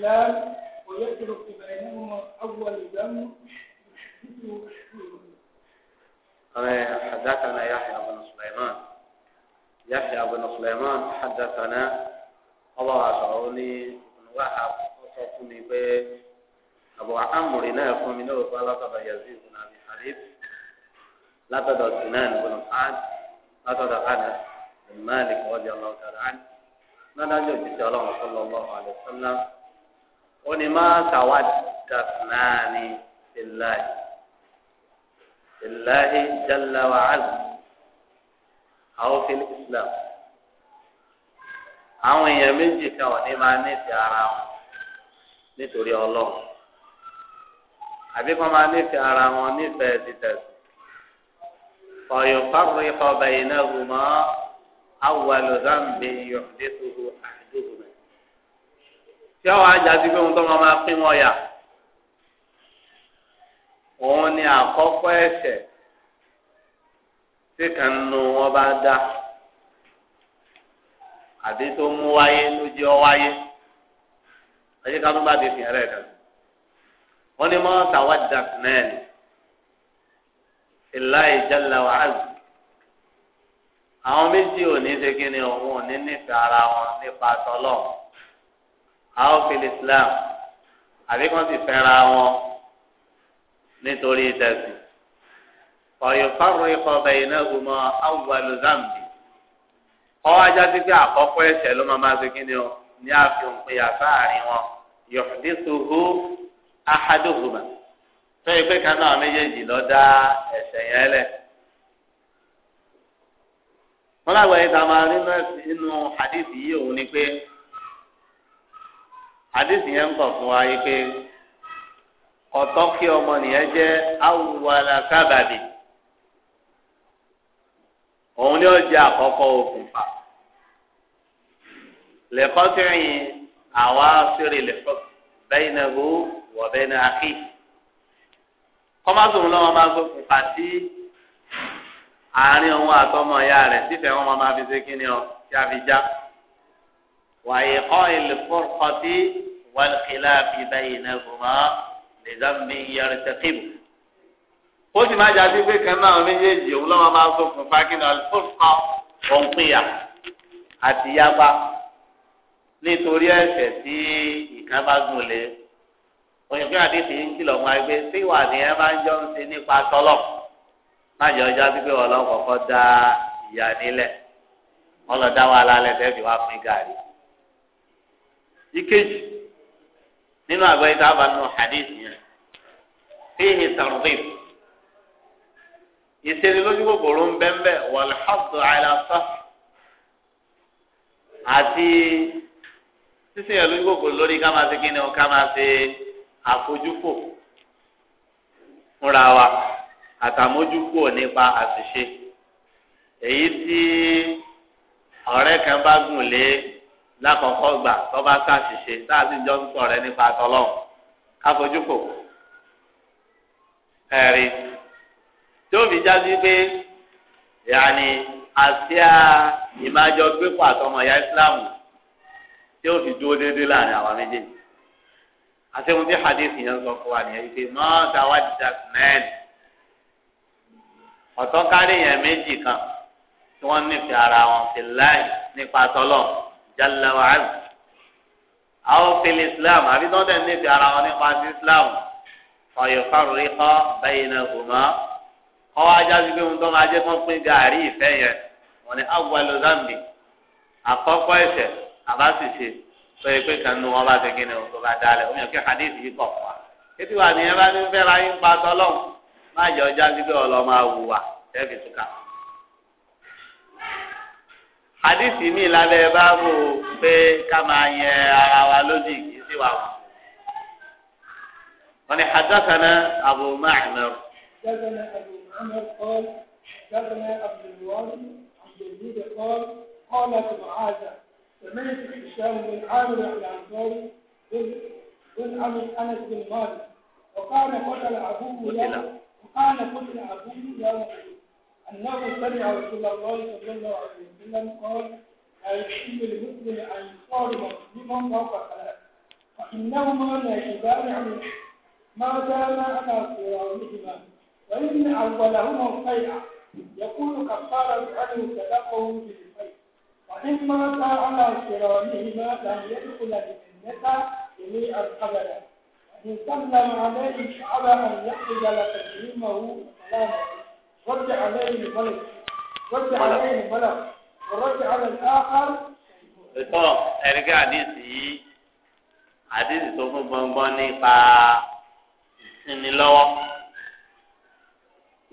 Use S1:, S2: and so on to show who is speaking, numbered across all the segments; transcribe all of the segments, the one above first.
S1: الإسلام ويترك بينهما أول دم
S2: أنا حدثنا يحيى بن سليمان يحيى بن سليمان حدثنا الله أشعرني بن واحد وصفني به أبو عمرو يكون من لا تدع يزيد بن أبي حليب لا تدع سنان بن سعد لا تدع أنس بن مالك رضي الله تعالى عنه ما لا يجوز الله صلى الله عليه وسلم ó ní máa tàwa dàfúnáàní ìláyé ìláyé jalla wa azza àwọn fil islam àwọn èèyàn méjì kan ò ní máa nífẹ̀ẹ́ ara wọn nítorí ọlọ́run àbí kan máa nífẹ̀ẹ́ ara wọn nífẹ̀ẹ́ títẹ̀sí ọ̀yọ̀ fáwọn ìfọ̀bẹ̀yìn náà gùn mọ́ awàlùdánbẹ̀
S1: yọ̀dẹ́tòhù àná
S2: tí ọ wá jáde pé ohun tó máa máa pín wọn yà òun ni àkọ́kọ́ ẹ̀ṣẹ̀ tí kan nu wọn bá dá àbí tó mú wáyé ló jẹ́ ọ wáyé ayé ká tó bá di fìyà rẹ̀ kan wọ́n ní mọ́ tàwa dàpẹ́ẹ́lì ìlà ìjàlá wàhálà àwọn méjì ò ní ṣe kí ni òun ò ní nífẹ̀ẹ́ ara wọn nípa tọ́lọ́ọ̀ àwòfin islam àbí kan sì fẹ́ra wọn nítorí tẹ̀sí ọ̀yọ̀fáàrọ̀ ikọ̀ bẹ̀yìn náà gbọmọ awùwàlù zambi ọwọ́ ajá sí pé àkọ́kọ́ ẹ̀ṣẹ̀ ló máa máa ṣe kí ni o ní àfihàn pé àfáàrin wọn yọ̀fìdísòhó ahadóhùmá tó yẹ pé kaná àwọn méjèèjì lọ dá ẹ̀ṣẹ̀ yẹn lẹ̀ wọn lágbàáyé tá máa rí nínú hadith yìí òun ni pé àdéhùn yẹn ń kọ̀ fún wa yìí pé ọ̀tọ́ kí ọmọnìyàn jẹ́ awùwàlà kábàdì òun ni ó jẹ́ àkọ́kọ́ òkùnfà lẹ́kọ́ kẹrin àwa sèrè lẹ́kọ́ bẹ́ẹ̀ náà hó wọ̀ bẹ́ẹ̀ náà kí kọ́másùn lọ́wọ́ máa gbókùn pàtí àárín òun àtọmọ ìyá rẹ̀ sífẹ̀ẹ́ wọn máa fi ṣe kí ni ọ kí a fi já. وإيقاع الفرقة والخلاف بينهما لذنب يرتكبه ó sì máa jáde pé kan náà méjèèjì òun lọ́wọ́ máa sókun fákínà alifófà òǹpìyà àti yaba nítorí ẹ̀ṣẹ̀ tí ìkan bá gùn lé òyìnbó àdéhùn yìí ń kìlọ̀ wọn pé tí ìwà nìyẹn máa ń jọ ń ṣe nípa tọ́lọ̀ má jọ jáde pé ọlọ́kọ̀ọ́kọ́ da ìyá nílẹ̀ ọlọ́dá wa lálẹ́ tẹ́ẹ̀fì wá fún gàrí ìkejì nínú àgbáyé tá a bá nù hadith yẹn fihi targhib ìṣèlú lójú kòkòrò ń bẹ́ńbẹ́ wal hadd ala sah àti sísè yẹn lójú kòkòrò lórí ká máa ṣe kíni o ká máa ṣe àfojúfò fúnra wa àtàmójúfò nípa àṣìṣe èyí tí ọ̀rẹ́ kan bá gùn lé lákọ̀ọ́kọ́ gbà tọ́ba ká ṣiṣe sáàsì jọ ń sọ̀rọ̀ ẹ nípa tọ́lọ́ káfojúkò ẹ̀rí tí ó fi jáde pé yàní àsíá ìmájọ gbé pàtó ọmọ ìyá ìsìláàmù tí ó fi dúró déédéé láàrin àwọn méjèèjì àtẹ̀wọ́n bí hadith yẹn sọ fún wa nìyẹn wípé mọ́tà wá dìda mẹ́rin ọ̀tọ́ kárí yẹn méjì kan tí wọ́n nífẹ̀ẹ́ ara wọn fi láì nípa tọ́lọ́mù jalla wa ala àwọn fèlè islam àbí tó ń tẹ̀ ní ti ara wọn nípa sí islam ọ̀yọ̀ fárúrí kọ́ bẹ́yìn náà kò mọ́ kọ́ ajá sí pé wọn tó máa jẹ́ kó pín gàárì ìfẹ́ yẹn wọn ni awwalu zambi àkọ́kọ́ ẹ̀ṣẹ̀ àbáṣiṣe sọ yìí pé kan nu wọn bá ti kíni tó bá dálẹ̀ omi òkè hadith yìí kọ̀ fún wa ètò ìwà nìyẹn bá ní fẹ́ ra yín pa tọ́lọ́ má jẹ́ ọjà sí pé ọlọ́ máa wù wá ẹ̀ fi túkà hadisi mi lábẹ́ báàbò pé ká máa yẹ ara wa lódì kì í sí wa wọn. wọ́n ní hadathana abu ma'mar.
S1: hadathana abu ma'mar qal hadathana abdulwari abdulwari qal qala tubacaza سمعت هشام بن عامر الانصاري بن عمرو انس بن مالك وكان قتل ابوه يوم وكان قتل ابوه يوم أنه سمع رسول الله صلى الله عليه وسلم قال لا المؤمن المسلم أن يصار مسلما فوق ثلاث فإنهما لا يبارع منه ما دام على صيامهما وإن أولهما الخيعة يكون كفارة عنه صدقه بالصيد وإن مات على صيامهما لم يدخل الجنة جميع أبدا وإن سلم عليه شعب أن يقبل تسليمه وسلامه رد عليه الملك رد عليه الملك والرد على الآخر
S2: ìtọ́ ẹ̀ríkẹ́ àdìsí yìí àdìsí tó fún gbọ̀ngbọ́n nípa ìsinilọ́wọ́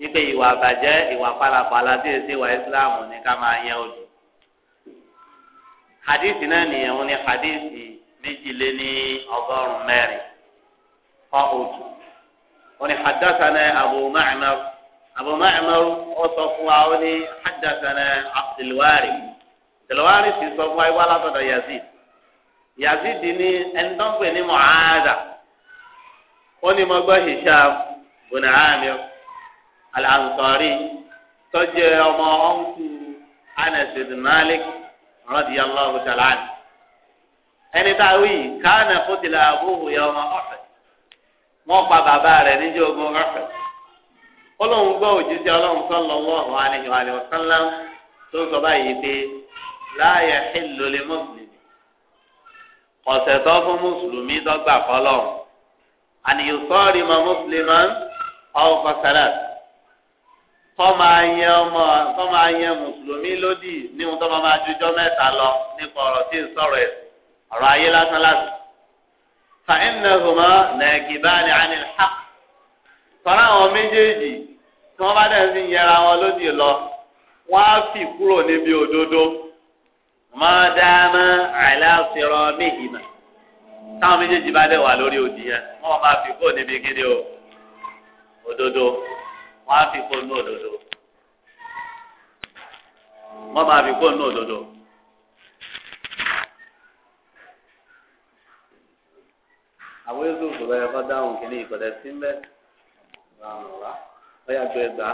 S2: ipe ìwà àbàjẹ́ ìwà pálapàla tí èsì ìwà ìsìláàmù ní ká máa yẹ òdì. àdìsí náà nìyẹn wọn ni méjìléní ọgọ́rùn-ún mẹ́rin fọ́ òtù wọn Abu Ma'mar. أبو معمر وصفوا عوني حدثنا عبد الوارث الوارث يصفوا ولا يزيد يزيد ني أنتم بني معاذة وني مغبى هشام بن عامر الأنصاري تجي وما أنت أنس بن مالك رضي الله تعالى عنه ẹni tá a wí kánà kó tilẹ̀ abúhù yẹ ọmọ ọ̀fẹ́ wọ́n pa bàbá rẹ̀ níjọ́ ogun ọ̀fẹ́ ọlọ́run gbọ́ òjíṣẹ́ ọlọ́run sallallahu alaihi wa sallam tó sọ báyìí pé la yahillu li muslim ọ̀sẹ̀ tó fún mùsùlùmí dọ́gba kọ́lọ̀ àníyàn sọ́ọ̀rì mọ́ mùsùlùmí ọkọ̀ sẹ́lẹ̀ tọ́mọ ayẹ mùsùlùmí lódì ní ohun tọ́mọ máa jujọ́ mẹ́ta lọ nípa ọ̀rọ̀ tí ń sọ̀rọ̀ ẹ̀ ọ̀rọ̀ ayé lásán lásán fa innahuma naqibani 'anil tọ́lá àwọn méjèèjì tí wọ́n bá dẹ̀ fi yẹra wọn lódì lọ wọ́n á fi kúrò níbi òdodo àìláṣẹ̀rọ̀ táwọn méjèèjì bá dẹ̀ wà lórí òdì yẹn wọ́n máa fi kúrò níbi kíni o òdodo wọ́n á fi kúrò ní òdodo
S1: wọ́n máa fi kúrò ní òdodo.
S2: àwọn dáhùn ọyà gbọ ẹgbà.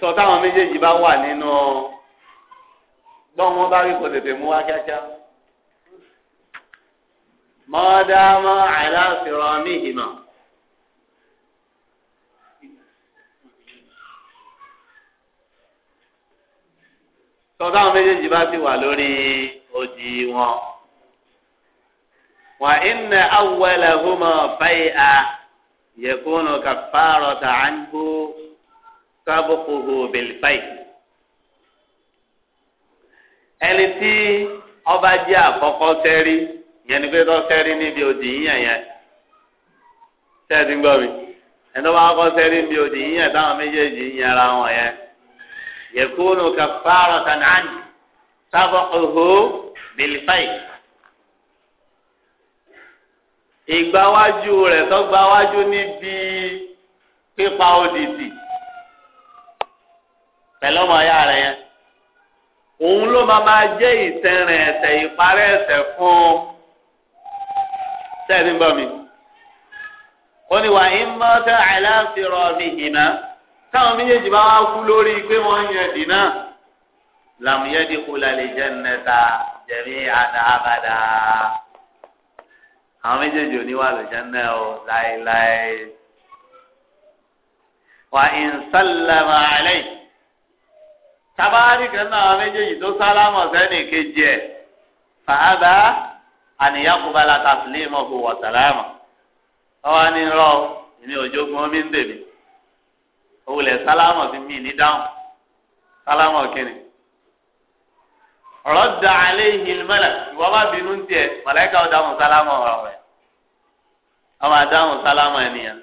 S2: sọ táwọn méjèèjì bá wà nínú gbọ́n wọn bá rí kò tètè mú wá kíákíá. mọ́dámọ́ àìláṣirọ́ ní sọ táwọn méjèèjì bá ti wà lórí odi wọn. وإن أولهما بيئة يكون كفارة عنه سبقه بالبيع ẹni tí ọba jẹ́ àkọ́kọ́ sẹ́rí yẹn ni pé tó sẹ́rí níbi òdì yíyàn yẹn sẹ́ẹ̀dì gbọ́ mi ẹni tó bá kọ́ sẹ́rí níbi òdì yíyàn táwọn méjèèjì yíyan ara wọn yẹn ìgbáwájú rẹ̀ tọ́gbáwájú níbi pípa odidi pẹ̀lú ọmọ ya rẹ̀ yẹn òun ló máa máa jẹ́ ìtẹ̀rìn ẹ̀sẹ̀ ìparẹ́ ẹ̀sẹ̀ fún sẹ́ẹ̀dì ń bọ̀ mi ó ní wàá ń mọ́ tẹ́ àìláǹfìrọ̀ mi hìnà táwọn méjèèjì bá wá kú lórí pé wọ́n ń yẹ dìnnà làmúyẹ́dì kò jẹ́ nẹ́ta jẹ̀mí àdáàbàdà. àwọn méjèèjì oníwà lọ́jà náà ó láéláé. wà ìnsálàmà àlẹ́ tabaari kan náà àwọn méjèèjì tó sálámà sẹ́ni kejì ẹ̀ fàábà àníyàkùbálà tàfílímù ọ̀hún wọ̀sálàmà ọwọ́ ní rọ ìní òjòògùn omi ń dèbí òwúlẹ̀ sálámà sí ní dáhùn sálámà rọ́dà aléhi mẹ́lẹ̀ ìwọ bá bínú ń tiẹ̀ mọ̀lẹ́kà ó dáhùn sálámù ọ̀rọ̀ ẹ̀ ọmọ àdáhùn sálámù ẹ̀ nìyẹn.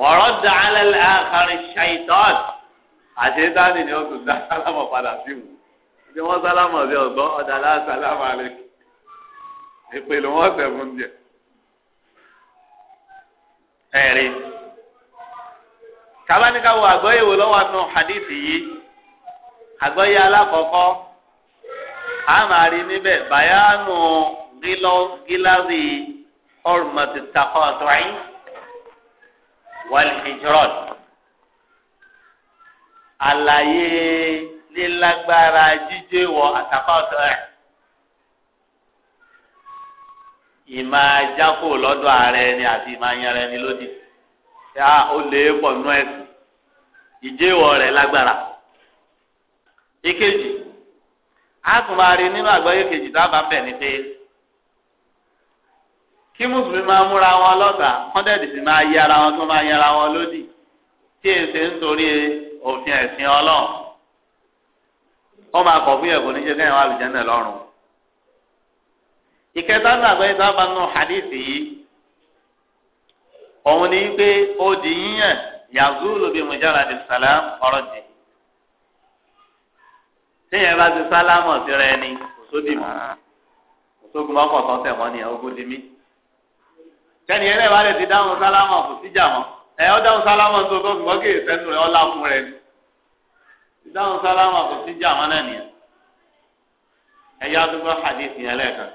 S2: wọ́rọ́dà alẹ́ àkàrin ṣàìtọ́t àti dání ni ó tún dá sálámù padà sí wù bí wọ́n sálámù ọ̀bí ọ̀gbọ́n ọ̀dà lá sálámù alẹ́ ìpèlè wọn sẹ̀ fún ẹ̀rí kábáníkà wo àgbọ̀yẹ̀wò lọ́wọ́ àtúnú hadith yìí àgbọ́yé alákọ̀ọ́kọ́ a máa rí níbẹ̀ bàyánù gíláàsì ọ̀rùmọ̀tì takọ̀ àtúwáyé wal hijrat àlàyé lílágbára jíjẹ wọ àtàkọ́ àtúwáyé ìmọ̀ ajáko lọ́dọ̀ ààrẹ ni àti ìmọ̀ ayanrẹ ni lódì ṣá ó lè pọ̀ nú ẹ̀sìn ìjẹ́wọ̀ rẹ̀ lágbára. ìkejì àtùmárí nínú àgbáyé kejì dábàá bẹ̀ ni kí mùsùlùmí máa múra wọn lọ́tà kọ́ńtẹ́ẹ̀tì sì máa yí ara wọn tó máa yí ara wọn lódì tí èsè ń torí òfin ẹ̀sìn ọlọ́run wọ́n máa kọ̀ fún ẹ̀kọ́ níṣẹ́ kẹ́hìn wà lọ́rùn. ìkẹta ní nù yìí òun ni pé yíyàn yazulu salam téèyàn bá ti sálámọ̀ síra ẹni òsódì mọ́ ah. òsógun bá kọ̀ tán tẹ̀wọ́n ni ogun di mí. kẹ́ni ẹ̀rẹ́ ìbá lè ti dáhùn sálámọ̀ kò síjà mọ́ ẹ ọ́ dáhùn sálámọ̀ tó tó gbọ́ kí ìsẹ́nu rẹ̀ ọ́ lákun rẹ̀ ni. ìdáhùn sálámọ̀ kò síjà mọ́ náà nìyẹn. ẹ yá dúpọ́ hadith yẹn lẹ́ẹ̀kan.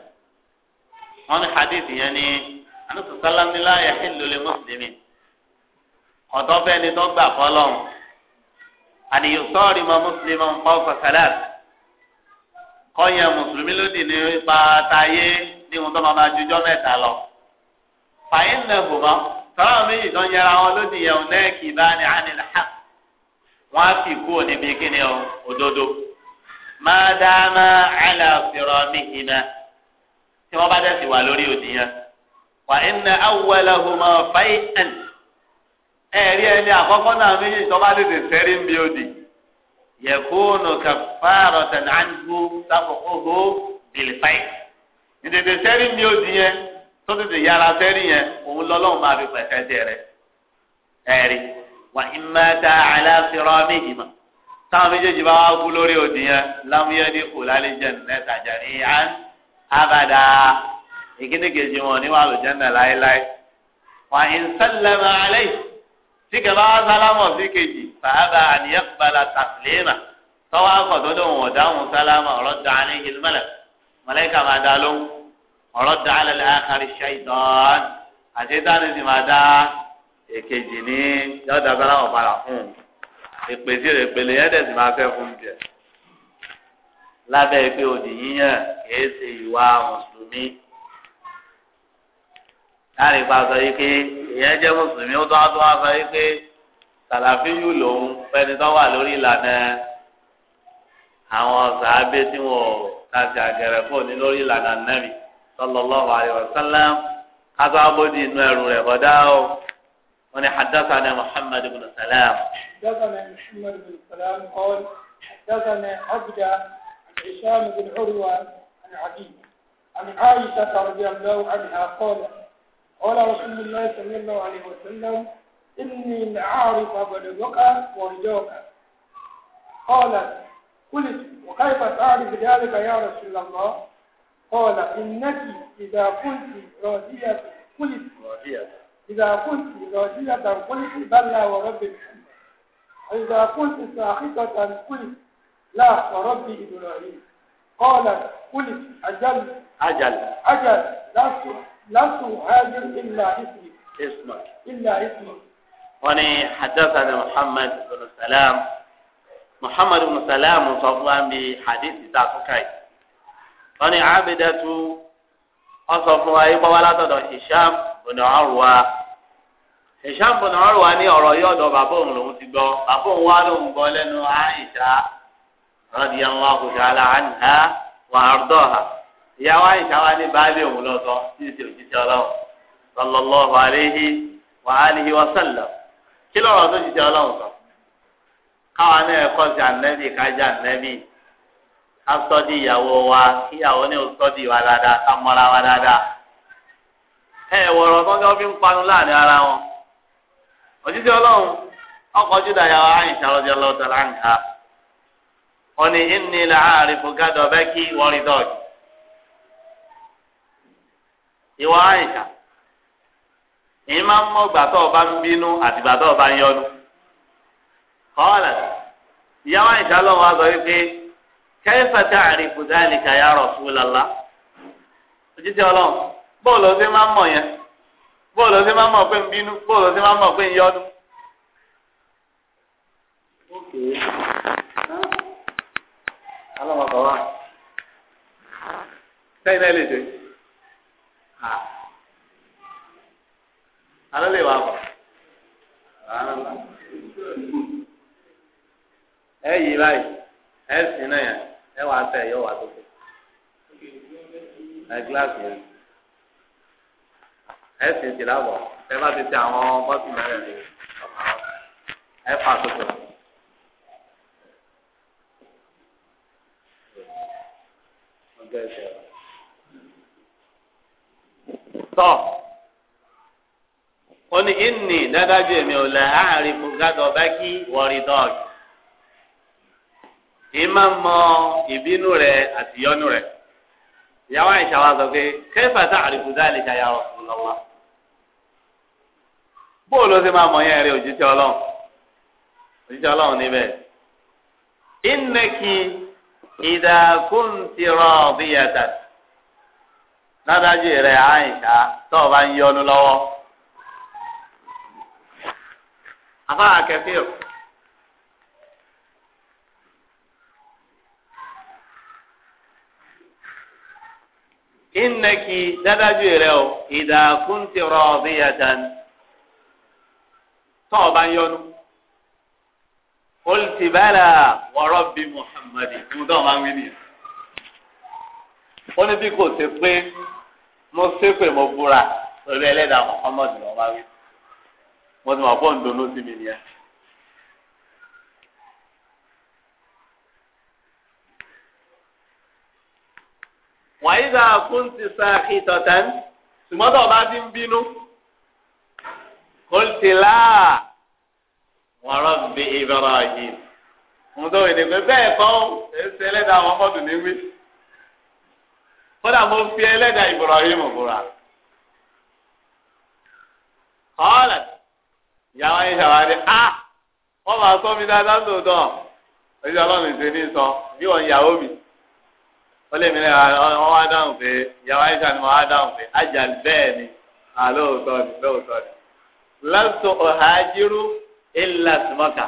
S2: wọ́n ní hadith yẹn ní anúsùsálámílá yẹ kí lóle mùsùlùmí ọ̀dọ́ bẹ́ẹ̀ ni àní yóò sọ́ọ̀rì mọ́ mùsùlùmí ń pọ́ fàkàlàt kọ́yìn mùsùlùmí ló dì ní ipa tayé ní ohun tó máa ma jujọ́ mẹ́ta lọ. fàyín náà bò mọ́ sọ́ọ̀rọ̀ méjì tó ń yẹra wọn ló dìyẹ̀ òun náà kì í bá ní àní làá wọ́n á sì kúrò níbi kíni òdodo máa dá máa àlàfẹ́rọ̀ mi ìmọ̀ tí wọ́n bá dẹ̀ wà lórí òdìyàn wà ń ná àwọ̀lẹ̀ hùmọ̀ fàyín ẹ̀rí ẹni àkọ́kọ́ náà méjì tó bá lè tẹ̀sẹ̀ rí bí ó di yẹ̀kúnù kàfàrọ̀ tẹ̀láńgbó sáfọ̀kọ́hó bìlìfáì ìtẹ̀tẹ̀ sẹ́rí bí ó di yẹn tó tètè yára sẹ́rí yẹn òun lọ́lọ́run máa fi pẹ̀sẹ̀ dẹ̀ rẹ̀ ẹ̀rí wà ìmọ̀ta aláfẹ́rọ́ méjì táwọn méjèèjì bá wá kú lórí yẹn lámúyẹ́ ní mẹ́ta án wọn níwájú jẹ́ náà láéláé wà tí kẹfà wá sálámọ̀ sí kejì fàábà àníyàn gbala tàfìlẹ́mà tọ́wọ́ akọ̀tọ́dọ̀ wọn dáhùn sálámà ọ̀rọ̀ dání ìlmẹ́lẹ̀ mọ̀lẹ́kà máa dá lóhùn ọ̀rọ̀ dá lẹ́lẹ́ àkàrí ṣáìtàn àti dání sì máa dá èkejì ní yọ̀dá sálámọ̀ padà fún un ìpèsè ìpele yẹn dẹ̀ máa fẹ́ fún bíẹ̀ lábẹ́ ìpè òdì yíyàn kìí ṣe ìwà mùsùlùmí láàrin ipa sọ yìí pé ìyẹn jẹ́ mùsùlùmí ó tó wá tó wá sọ yìí pé sàlàfíyù lòun fẹ́ni tó wà lórí ìlànà àwọn sàábé tí wọn kàṣì àgẹrẹ fún ní lórí ìlànà nàbì sallallahu alaihi kátó abódì inú ẹrù rẹ bọdá o wọn ni hadathana muhammad ibn salam.
S1: hadathana muhammad ibn salam qala hadathana abda an hisham ibn urwa an abi an aisha radiyallahu anha qala. قال رسول الله صلى الله عليه وسلم إني لأعرف بدنك ورجوك قالت قلت وكيف تعرف ذلك يا رسول الله قال إنك إذا كنت راضية قلت إذا كنت راضية قلت بلى وربك إذا كنت ساخطة قلت لا ورب إبراهيم قالت قلت أجل أجل أجل لست لست أهاجر إلا اسمي اسمك إلا اسمك
S2: وني حدثنا محمد بن سلام محمد بن سلام صفوان بحديث تاتوكاي وني عابدة أصفوا أيضا ولا تدع هشام بن عروة هشام بن عروة ني أرأي أدو بابون لهم تبو بابون والهم قولنوا عائشة رضي الله تعالى عنها وأرضاها ìyàwó àyíṣà wa ní baálé òun lọ tí òjíṣẹ́ ọlọ́run sallallahu alaihi wa alihi kí lọ́rọ̀ tó jíṣẹ́ ọlọ́run sọ káwa náà sí kájà ká sọ́dí ìyàwó wa kí ìyàwó sọ́dí wa dáadáa ká mọ́ra wa dáadáa ẹ wọ̀rọ̀ fi ń panu láàrin ara wọn ọlọ́run ọkọ̀ júdà ní ìwọ àyíṣà èyí máa ń mọ ìgbà ọba ń bínú àti ìgbà ọba ń yọnu kọ́ọ̀lá ìyá àyíṣà lọ́wọ́ àgọ́ wípé kayfa ta'rifu dhalika ya Rasulallah ojúṣe ọlọ́run bóòlù ọ̀sẹ̀ máa ń mọ̀ yẹn bóòlù ọ̀sẹ̀ máa ń mọ̀ pé ń bínú bóòlù ọ̀sẹ̀ máa ń mọ̀ pé ń yọnu. alẹ́ ah. lè wà bọ̀ ẹ yí báyìí ẹ sì náà yẹn ẹ wà tẹ yọ wà tó tó ẹ gíláàsì yẹn ẹ sì ti lábọ̀ ẹ bá ti tẹ àwọn bọ́tù mẹ́rin ẹ fà tó tó. Gracias. tọ́ ó ní ìní dádájú èmi ò lẹ̀ àárín fúgádọ̀ bá kí wọ́rí dọ́ọ̀gì mọ ìbínú àti yọnu rẹ ìyàwó àìsàn wa sọ pé kẹfà tá àrífù dáàlì ṣàyà ọ̀sùn máa mọ yẹn rí òjíṣẹ́ ọlọ́run òjíṣẹ́ ládájú rẹ̀ àyìnká tó o bá ń yọnu lọ́wọ́. afárá kẹfì o. innaki dadaju rẹ o ìdá kúntì rọ̀bìyàtàn tó o bá ń yọnu olùtì bàlà bíi muhammadu ìmúdọ́ máa ń wí nìyẹn. ó ní bí kò ṣe pé mo ṣépè mo búra lórí ẹlẹ́dàá Muhammadu lọ́wọ́ bá wí mo ti mọ̀ pọ̀ ń donú sí mi nìyẹn. wàyí dáa kún ti sáàkì tọ̀tán ṣùgbọ́n tó o ti ń bínú kòlìtìlá wa rabbi Ibrahim mo tó ìdìgbò bẹ́ẹ̀ kọ́ ẹ̀ ṣe ẹlẹ́dàá Muhammadu níwí kódà mo fi ẹlẹ́dàá Ibrahim búra. kọ́lẹ̀ ìyàwó ayé ṣàwárí a wọ́n máa sọ mi dáadáa ń dòdò ojú ọlọ́run ìṣe ní sọ bí wọ́n ìyàwó mi ó lè mi lè wọ́n wá dáhùn pé ìyàwó ayé ṣàní wọ́n wá dáhùn pé ajá bẹ́ẹ̀ ni àlóòótọ́ ni lóòótọ́ ni. lọ́sọ̀ ọ̀hájírú ilà sùmọ́kà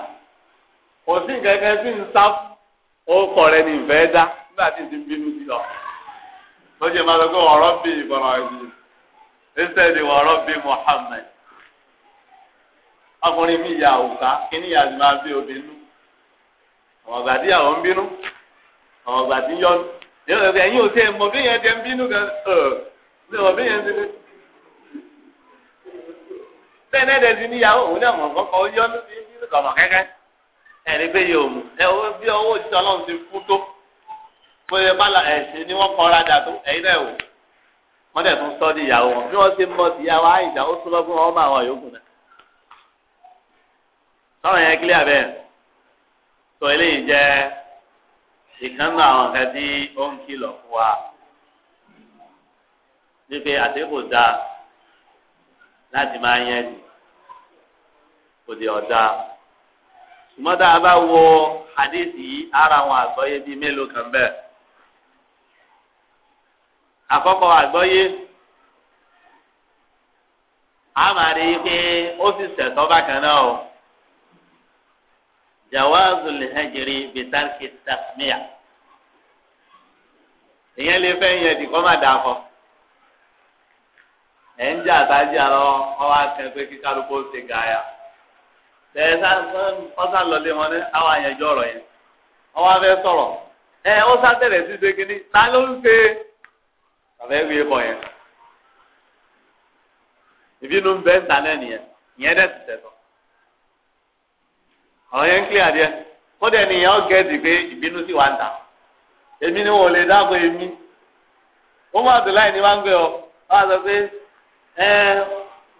S2: kò sí nǹkan sí ń sá ó rẹ̀ ní ìfẹ́ dá nígbà tí ń bínú sí ọ lọ́jọ́ máa sọ pé ọ̀rọ̀ bí Ibrahim instead ọ̀rọ̀ bí Muhammad ọkùnrin mi ìyá òkà kíní ìyá ti máa bí obìnrin ọ̀rọ̀ ọ̀gbà tí ìyàwó ń bínú ọ̀rọ̀ ọ̀gbà tí yọ́nu yóò sọ pé ẹ̀yin mọ bí yẹn jẹ́ ń bínú gan ṣe mọ bí yẹn ti ní. bẹ́ẹ̀ náà dẹ̀sí níyàwó òun náà mọ̀ kọ́kọ́ yọ́nu bí yọ́nu kọ̀ọ̀mọ̀ kẹ́kẹ́ ẹ̀rí pé yóò mú ẹ̀ bí ọwọ́ òjijì ọlọ́run ti fún tó bóyá bala ẹ̀sìn ni wọ́n kọ́ra dà tó ẹ̀yin náà wò tún sọ́ di ìyàwó wọn bí wọ́n ṣe mọ ti ìyàwó àyìnjà ó tún lọ́gbọ́n ọmọ àwọn yòókù náà. sọ̀rọ̀ yẹn kílíà bẹ́ẹ̀ tó eléyìí jẹ́ ìkànnì àwọn kan tí ó ń kìlọ̀ fún wa wípé àtẹ́kù da láti máa yẹn jù kò dé ọ̀dà ṣùgbọ́n tá a bá wo hadith yìí ara àwọn àgbọ́yé bíi mélòó kan bẹ́ẹ̀. àkọ́kọ́ àgbọ́yé a máa rí pé ó sì sẹ̀tọ́ bákan náà o jawazu lihajiri bitarki tasmiya ìyẹn lè fẹ́ yẹn dì má dà kọ́ ẹ̀ ń jà àtàjì àlọ́ ọwọ́ akẹ́ pé kí tẹ̀ ọ́sà lọ́lé wọn ní àwọn àyànjọ́ ọ̀rọ̀ yẹn ọwọ́ afẹ́ sọ̀rọ̀ ẹ̀ ọ́sà sí ṣe ọ̀fẹ́ wíyé bọ̀ yẹn ìbínú ń bẹ ń na náà nìyẹn ìyẹn dẹ̀ ti tẹ̀sán ọ̀rọ̀ yẹn ń kílẹ̀ adìẹ ya nìyẹn ó gẹ̀ẹ́dì pé ìbínú sì wà ń ta èmi ni wọn ò lè dáàbò èmi ó mú ní wọ́n gbé ọ wọ́n sọ pé ẹ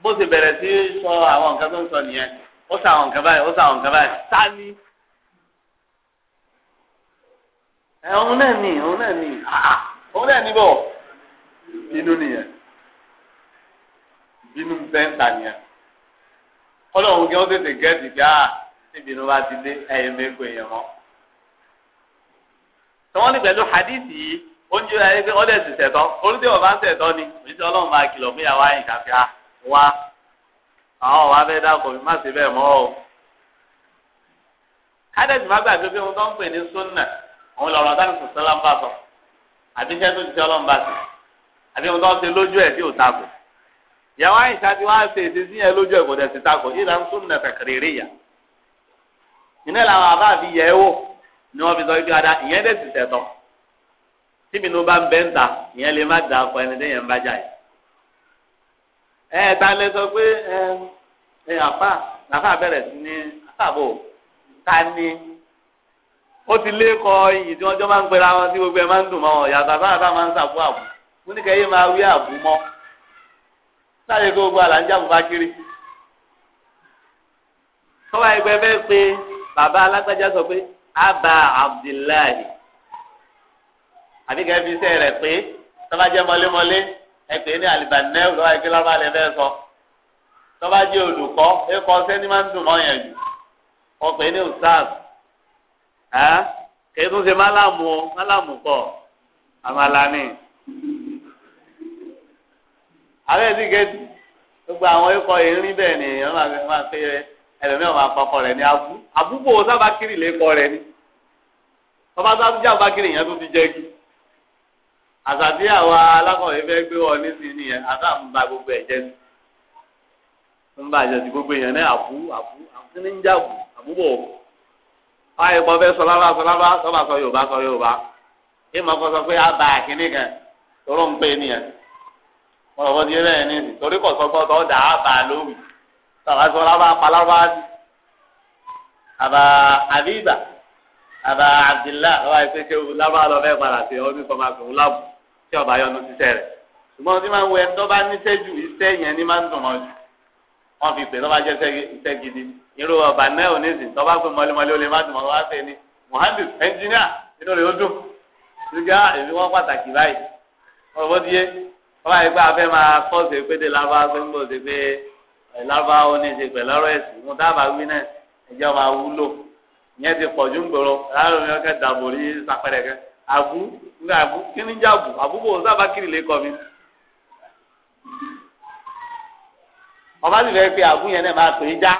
S2: bó ti bẹ̀rẹ̀ sí sọ àwọn nǹkan tó ń sọ nìyẹn ó sọ àwọn nǹkan báyìí ó sọ àwọn nǹkan báyìí sáni ẹ òun náà nì òun náà nì òun náà nì bínú nìyẹn bínú bẹ́ńtà nìyẹn ọlọ́run kí wọ́n tètè gẹ́ẹ̀tì bí a níbinú bá ti dé ẹ̀yẹ mẹ́kọ̀ èèyàn mọ́. tọ́wọ́n ní pẹ̀lú hadith yìí ó ń jẹ́ ayé pé ọ́dẹ̀ sì ṣẹ̀tọ́ olùdé ọ̀bá ń ṣẹ̀tọ́ ni òṣìṣẹ́ ọlọ́run máa kìlọ̀ fún ìyàwó àyìn kàfí a wá àwọn ọ̀wá fẹ́ dákọ̀ mi má ṣe bẹ́ẹ̀ mọ́ o. kádẹ́tì má gbàgbé pé wọn tó ń pè ní sunna òun lọ̀rọ̀ dáná sọ̀tọ́ lámbàtọ̀ àbíṣẹ́ tó ti ṣe ọlọ́run bá ti àbí wọn tó ṣe lójú ẹ̀ tí ò takò yàrá àyìnṣà tí wọn á ṣe èdè sí yẹn lójú ẹ̀ kò dẹ̀ sí takò yìí là ń sún nà tẹ̀kẹ̀rẹ̀rẹ̀ yà ìní làwọn àbá àfi yẹ ẹ wò ni wọn fi sọ ibi ada ìyẹn dẹ̀ sì tẹ̀tọ̀ tíbi ní o bá ń bẹ́ ń ta ìyẹn lè má dà fọ ẹni tẹ́yẹ̀ ń bá jà yìí ẹ ẹ ta lẹ sọ pé ẹ ẹ àfa àfa bẹ̀rẹ̀ sí ní àfa ta ni ó ti lé kọ iyì tí wọ́n jọ máa ń pera wọn tí gbogbo ẹ máa ń dùn mọ́ yàtọ̀ àbá àbá máa ń sàkó àbùkù mo ní kẹyìn máa wí àbúmọ́ láti kó gbogbo àlàńjà bùbá kiri tọ́wọ́ ẹgbẹ́ fẹ́ pé bàbá alágbájá sọ pé abba abdullahi àbí kẹ́ fi sẹ́ rẹ̀ pé tọ́ba jẹ́ mọ́lémọ́lé ẹgbẹ́ ní alibanẹ́ lọ́wọ́ ẹgbẹ́ lọ́wọ́ alẹ́ fẹ́ sọ tọ́ba jẹ́ olùkọ́ ẹ̀kọ́ sẹ́ni máa ń dùn mọ́ yẹn jù ọ̀pẹ ní ustaz kẹ́tùn ṣe málàmù málàmù kọ́ àmàlà ni àbẹ́ ti gẹ̀ẹ́dì gbogbo àwọn ikọ̀ erin bẹ́ẹ̀ ni èèyàn máa fi máa fi ẹlòmíràn máa kọkọ rẹ̀ ní abú àbúgbò sábà kiri lè kọ rẹ̀ ni bàbá sábà bá kiri yẹn tó ti jẹ́ kí àtàtí àwa alákọ̀wé fẹ́ gbé wọn nísìnyí nìyẹn àtàmúba gbogbo ẹ̀jẹ̀ ni ń bá àjọsí gbogbo èèyàn náà àbú àbú àbú ní ń jàbù àbúbò báyìí pọ̀ fẹ́ sọ lábá sọ lábá sọ́bà sọ Yorùbá sọ Yorùbá ìmọ̀ kọ́ sọ pé a bá àkíní kan tó rọ̀ ń pè nìyẹn wọn lọ́wọ́ díẹ̀ bẹ́ẹ̀ ní torí kò sọ́gbọ́n tó dà á bà lówì tàbá sọ lábá palábá sí àbá àbíbà àbá abdillah lọ́wọ́ àìsè ṣé o lábá lọ bẹ́ẹ̀ padà sí ọdún sọmọ àti òun lábù tí ọba yọnu ṣiṣẹ́ rẹ̀ ṣùgbọ́n tí máa ń wẹ tó bá níṣẹ́ ju iṣẹ́ yẹn ní máa ń dùn wọn jù wọn fi pè tó bá jẹ́ iṣẹ́ gidi irú ọba náà ò ní sìn tó bá pè mọ́lẹ́mọ́lẹ́ má dùn wọn wá fẹ́ ni mohammed engineer inú rẹ̀ ó dùn ṣùgbọ́n èmi wọ́n pàtàkì báyìí wọ́n yìí pé abẹ́ máa kọ́ ṣe pété lábá pé ń bọ̀ ṣe pé lábá ó ní ṣe pẹ̀lú ọ̀rọ̀ ẹ̀sìn mo dábàá wí náà ẹjọ́ máa wúlò ìyẹn ti pọ̀ ju ń gbòòrò láàrin mi ọkẹ́ dàbò rí sapẹ̀rẹ̀ kẹ́ àbú nígbà àbú kí ni jàbù àbúbò sábà kiri lè kọ́ mi. ọba sì fẹ́ pe àbú yẹn náà máa pè é já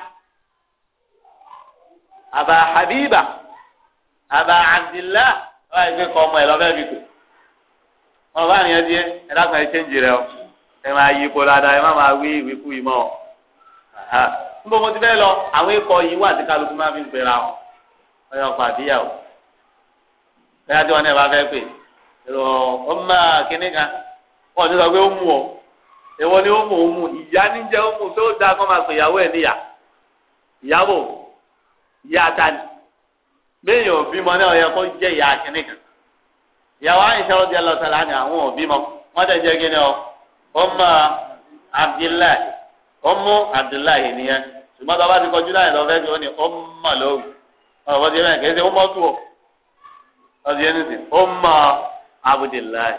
S2: àbá Habiba àbá Abdillah wọ́n yìí pé kọ́ ọmọ ẹ̀ lọ́fẹ́ fi wọn bá yẹn díẹ̀ ẹ dákun ẹ ṣéǹjì rẹ o ẹ máa yí ipò dáadáa ẹ má máa wí ìwíkú yìí mọ́ ọ. níbo mo ti fẹ́ lọ àwọn ikọ̀ yìí wà tí kálukú máa fi ń pera ọ ọyọ pàdéyàwó bẹ́ẹ̀ tí wọn náà bá fẹ́ pè ẹ̀rọ ọmọ kìnnì kan wọn ti sọ pé ó mú ọ èwo ni ó mú ó mú ìyá níjẹ ó mú tó dáa kó máa pè ìyàwó ẹ̀ níyà ìyàwó ìyá ta ni bẹ́ẹ̀ yóò bímọ náà yẹ kó jẹ́ ìyá kìnnì kan. ìyàwó àyìnṣẹ́ ọ̀dí ọlọ́sàlá ni àwọn òbí obi wọ́n tẹ̀ jẹ́ kí ni ọ ọmọ abdullahi ọmọ abdullahi nìyẹn ṣùgbọ́n tó ti kọjú láyìn lọ́fẹ́ ọmọ ti mẹ́rin ọ̀dí ẹni sìn ọmọ abdullahi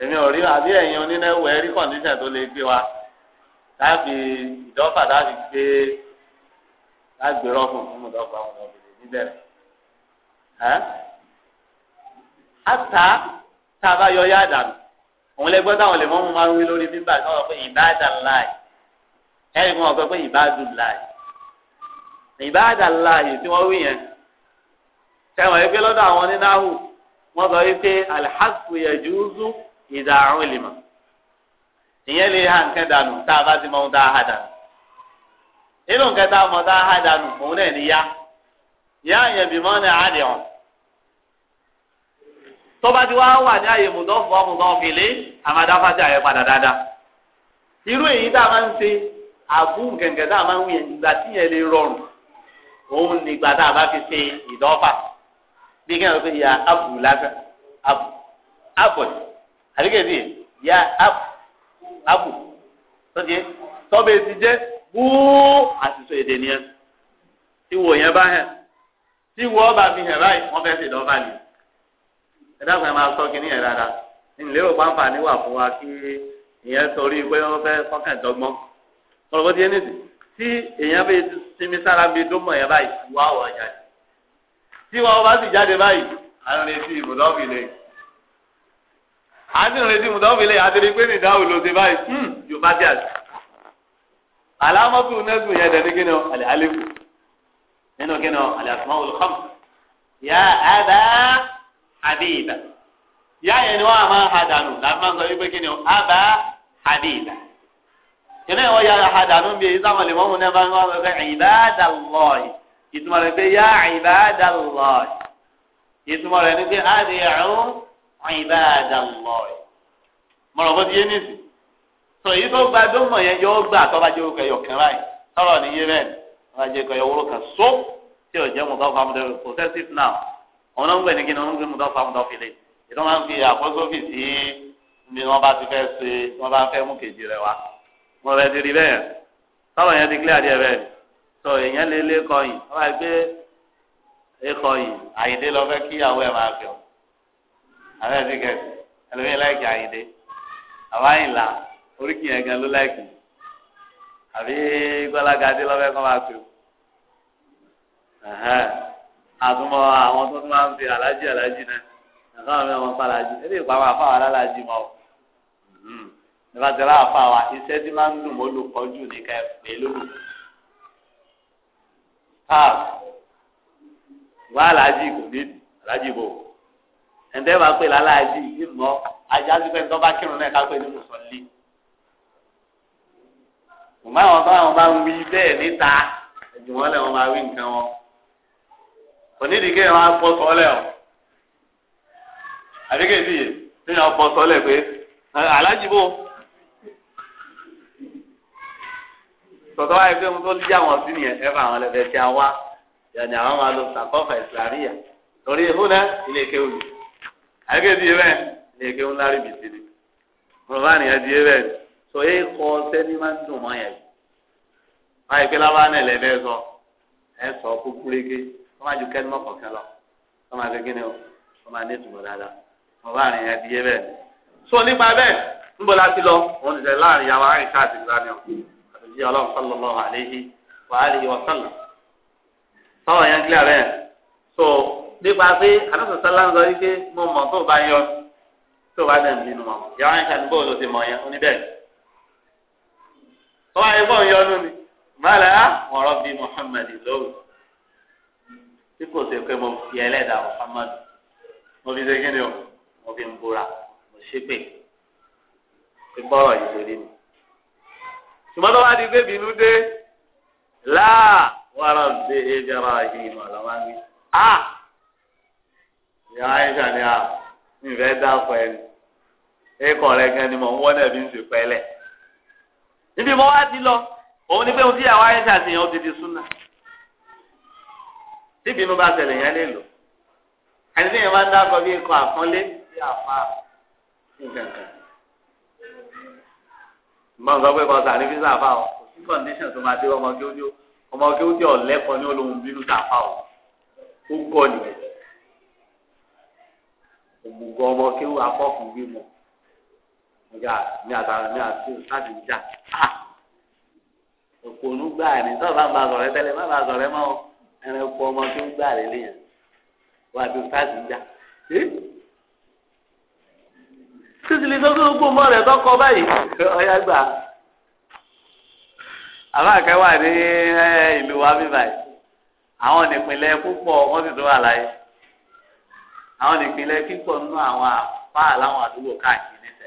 S2: èmi ò rí àbí ẹ̀yin onínẹ́wọ̀ ẹ̀rí kọ̀ǹdíṣẹ̀ tó lè gbé wa láti ìdọ́fà láti gbé fún àtà tá a bá yọ yá dànù òun lè gbọ́ táwọn lè mọ́ mú máa ń wí lórí bíbà kí wọ́n sọ pé ìbáàdà láì ẹ̀rí wọn sọ pé ìbáàdù láì ìbáàdà láì tí wọ́n wí yẹn tẹ̀wọ̀n yìí pé lọ́dọ̀ àwọn onínáhù wọ́n sọ wípé alḥasbu yajuzu ìdá àrùn ìlìmọ̀ ìyẹn lè hàn kẹ́ dànù tá a bá ti mọ ohun tá a hà dànù inú kẹta mọ tá a hà dànù òun náà ni yá yá yẹn bímọ ní àdìhàn tọ́ba ti wá wà ní àyè mùdọ́fọ̀ mùdọ́fìlẹ́ àmàdáfàtì àyè padà dáadáa irú èyí tá a máa ń ṣe àbú gẹ̀ǹgẹ̀ tá a máa ń wuyẹn ìgbà tí yẹn lè rọrùn òun ni ìgbà tá a bá fi ṣe ìdọ́fà bí kẹ́hìn pé ya abu lásán abu abu àbíkẹ́sì ya abu abu tọ́jú tọ́ba ti jẹ́ wúú àtúntò èdè nìyẹn tí wò yẹn bá hẹ̀ tí wọ́ bá fi hẹ̀ báyìí wọ́n fẹ́ ṣe ìdọ́fà nìyẹn ẹdáàbò ẹ máa sọ kínní yẹn dáadáa ńlérò pàǹfààní wà fún wa kí ìyẹn torí pé wọn fẹ́ kọkàn dọ́gbọ́n ọlọpàá ti yẹn nìsí tí èèyàn bẹ sinmi sára bíi dómọ yẹn báyìí wá wọ jáde tí wọn bá sì jáde báyìí àrùn retí ìbùdókìlẹ àti retí ìbùdókìlẹ àtẹrí pé nìdá òlòdì báyìí hmm, yóò bá jà sí. alámọ́tò nẹ́sùn yẹn dẹ̀ ní kíni ọ àlẹ́ àlẹ́ kù nínú kíni ọ àlẹ́ àtúmọ̀ olùkọ́mù yá àdá. Habiba ìyá ya n'iwa wọ́n ha dànù Aba Habiba kìnnì ìwọ yà ha dànù bí èyí sáwọn lèmọ́ mu nẹ́ẹ̀bá wọn fẹ́ ìbádàlọ́ọ̀yì ìtumọ̀ rẹ̀ pé yá ìbádàlọ́ọ̀yì ìtumọ̀ rẹ̀ ni pé àdìyàrún ìbádàlọ́ọ̀yì mọ̀rọ̀ bó ti yé gba dómọ̀ possessive now. wọn náà ń gbẹ ní kíni wọn ń gbé mudọ́fà mudọ́fì lé ìdí wọn máa ń fi àpọ́sọ́fì sí ni wọn bá ti fẹ́ ṣe wọn bá fẹ́ mú kejì rẹ wá wọn rẹ ti rí bẹ́ẹ̀ sọ̀rọ̀ yẹn ti clear díẹ̀ bẹ́ẹ̀ sọ èèyàn lé lé kọyìn wọn bá gbé ekọyìn àyídé lọ fẹ́ kí àwọn ẹ̀ máa fi ọ́ àwọn ẹ̀ ti kẹ̀sì ẹlòmíì láìkì àyídé àbá ìlà oríkì yẹn gan ló láìkì àbí gbọ́lágadé lọ fẹ́ kọ́ máa fi ọ́ àtúmọ̀ àwọn tó tún máa ń fi alájì alájì náà nǹkan àwọn ọmọ pàlájì eléyìí àfa àwọn alájì mọ́ ọ. nípa tẹ̀lé àfa wa iṣẹ́ tí máa ń dùn mọ́ olùkọ́jú ní ká pè lóru. wá alájì kò ní alájì bò ẹ̀ńtẹ́ máa pè lálájì ìmọ̀ ajá sí pé nítorí bá kírun náà ká pè ní mùsọ̀lì. màmá àwọn báwọn máa ń wí bẹ́ẹ̀ níta ẹ̀jùmọ́lẹ̀ wọn máa wí nǹkan wọn onídìí kéèyàn á pọ sọlẹ o àdéhùn ìdíyè kéèyàn á pọ sọlẹ pé alájì bò tọ̀tọ̀ wáyé pé mo tó lé àwọn sí nìyẹn ẹ fà àwọn ẹlẹ́fẹ̀ẹ́ tí a wá yàní àwọn máa lo sàkọ́fà ìsìláríyà torí ìhúná ilé kéwù ni àdéhùn ìdíyè bẹ́ẹ̀ ilé kéwù ńlá rí bìtì ni mo bá nìyẹn díyè bẹ́ẹ̀ ni sọ yẹ kọ́ sẹ́ni máa ń dùn mọ́ yẹn báyìí pé lábá náà lẹ́ẹ̀ẹ́ sọ ẹ sọ kúkúrégé wọ́n máa ju kẹ́límọ̀ kọ̀ọ̀kan lọ wọ́n máa gẹ́gẹ́ ni o wọ́n máa ní ìtumọ̀ dáadáa wọ́n bá rìn ẹbí yé bẹ́ẹ̀. so nípa bẹ́ẹ̀ níbo la ti lọ òun ti sẹ́ láàrin yàrá àyíká àti ìlànà àtúnjí ọlọ́run sallallahu alaihi wa alihi wa sallam. sọ́wọ́ yẹn kílẹ̀ rẹ̀ so nípa pé àtúntò ń sọ wípé mo mọ̀ tó bá bá yọ tí kò ṣe pé mo fi ẹlẹ́dàá Muhammad mo fi ṣe kí ni o mo fi ń búra mo ṣe pé pé bọ́rọ̀ yìí ṣe rí mi. ṣùgbọ́n tó bá di pé bínú dé láà wàrà bẹ ẹbí ara yìí ni wàrà wá a ìyá aisha ni a nfẹ dáko ẹni ẹkọ rẹ gan ni mò ń wọ́n náà bí ń ṣe pẹ́lẹ̀. níbi mo wá ti lọ òun ni pé mo ti yà wá aisha ó ti di súnà tí ìbínú bá ṣẹlẹ̀ yẹn lè lò ẹni tí yẹn bá ń dákọ bí ikọ̀ àpọ́nlé bí àfa nǹkankan mọ̀ nǹkan pé kọ́sà ní físà àfa o kò sí condition tó máa dé ọmọ kí ó dé ọmọ kí ó dé ọ̀lẹ́kọ̀ọ́ ní olóhùn bínú sàfà o ó gọ̀ nìyẹn ògùngàn ọmọ kí ó afọ́kùn bí mọ̀ ọjà ní àtàrà ní àti láti jà òkòónú gbà ní sọ́ọ̀ bá ń bá sọ̀rọ̀ sọ̀rọ̀ mọ́ ẹranko ọmọ tó ń gbà lélẹ̀ yẹn wà á fi fáàsì gbà títí lè sọ́kúrú kó mọ́ rẹ̀ tọkọ báyìí ọ̀yá gbà àwọn àkẹ́wà ní ìlú wa bí báyìí àwọn nípìnlẹ̀ púpọ̀ wọ́n sì tún wà láyé àwọn nípìnlẹ̀ púpọ̀ nínú àwọn àfáà láwọn àdúgbò káàkiri níta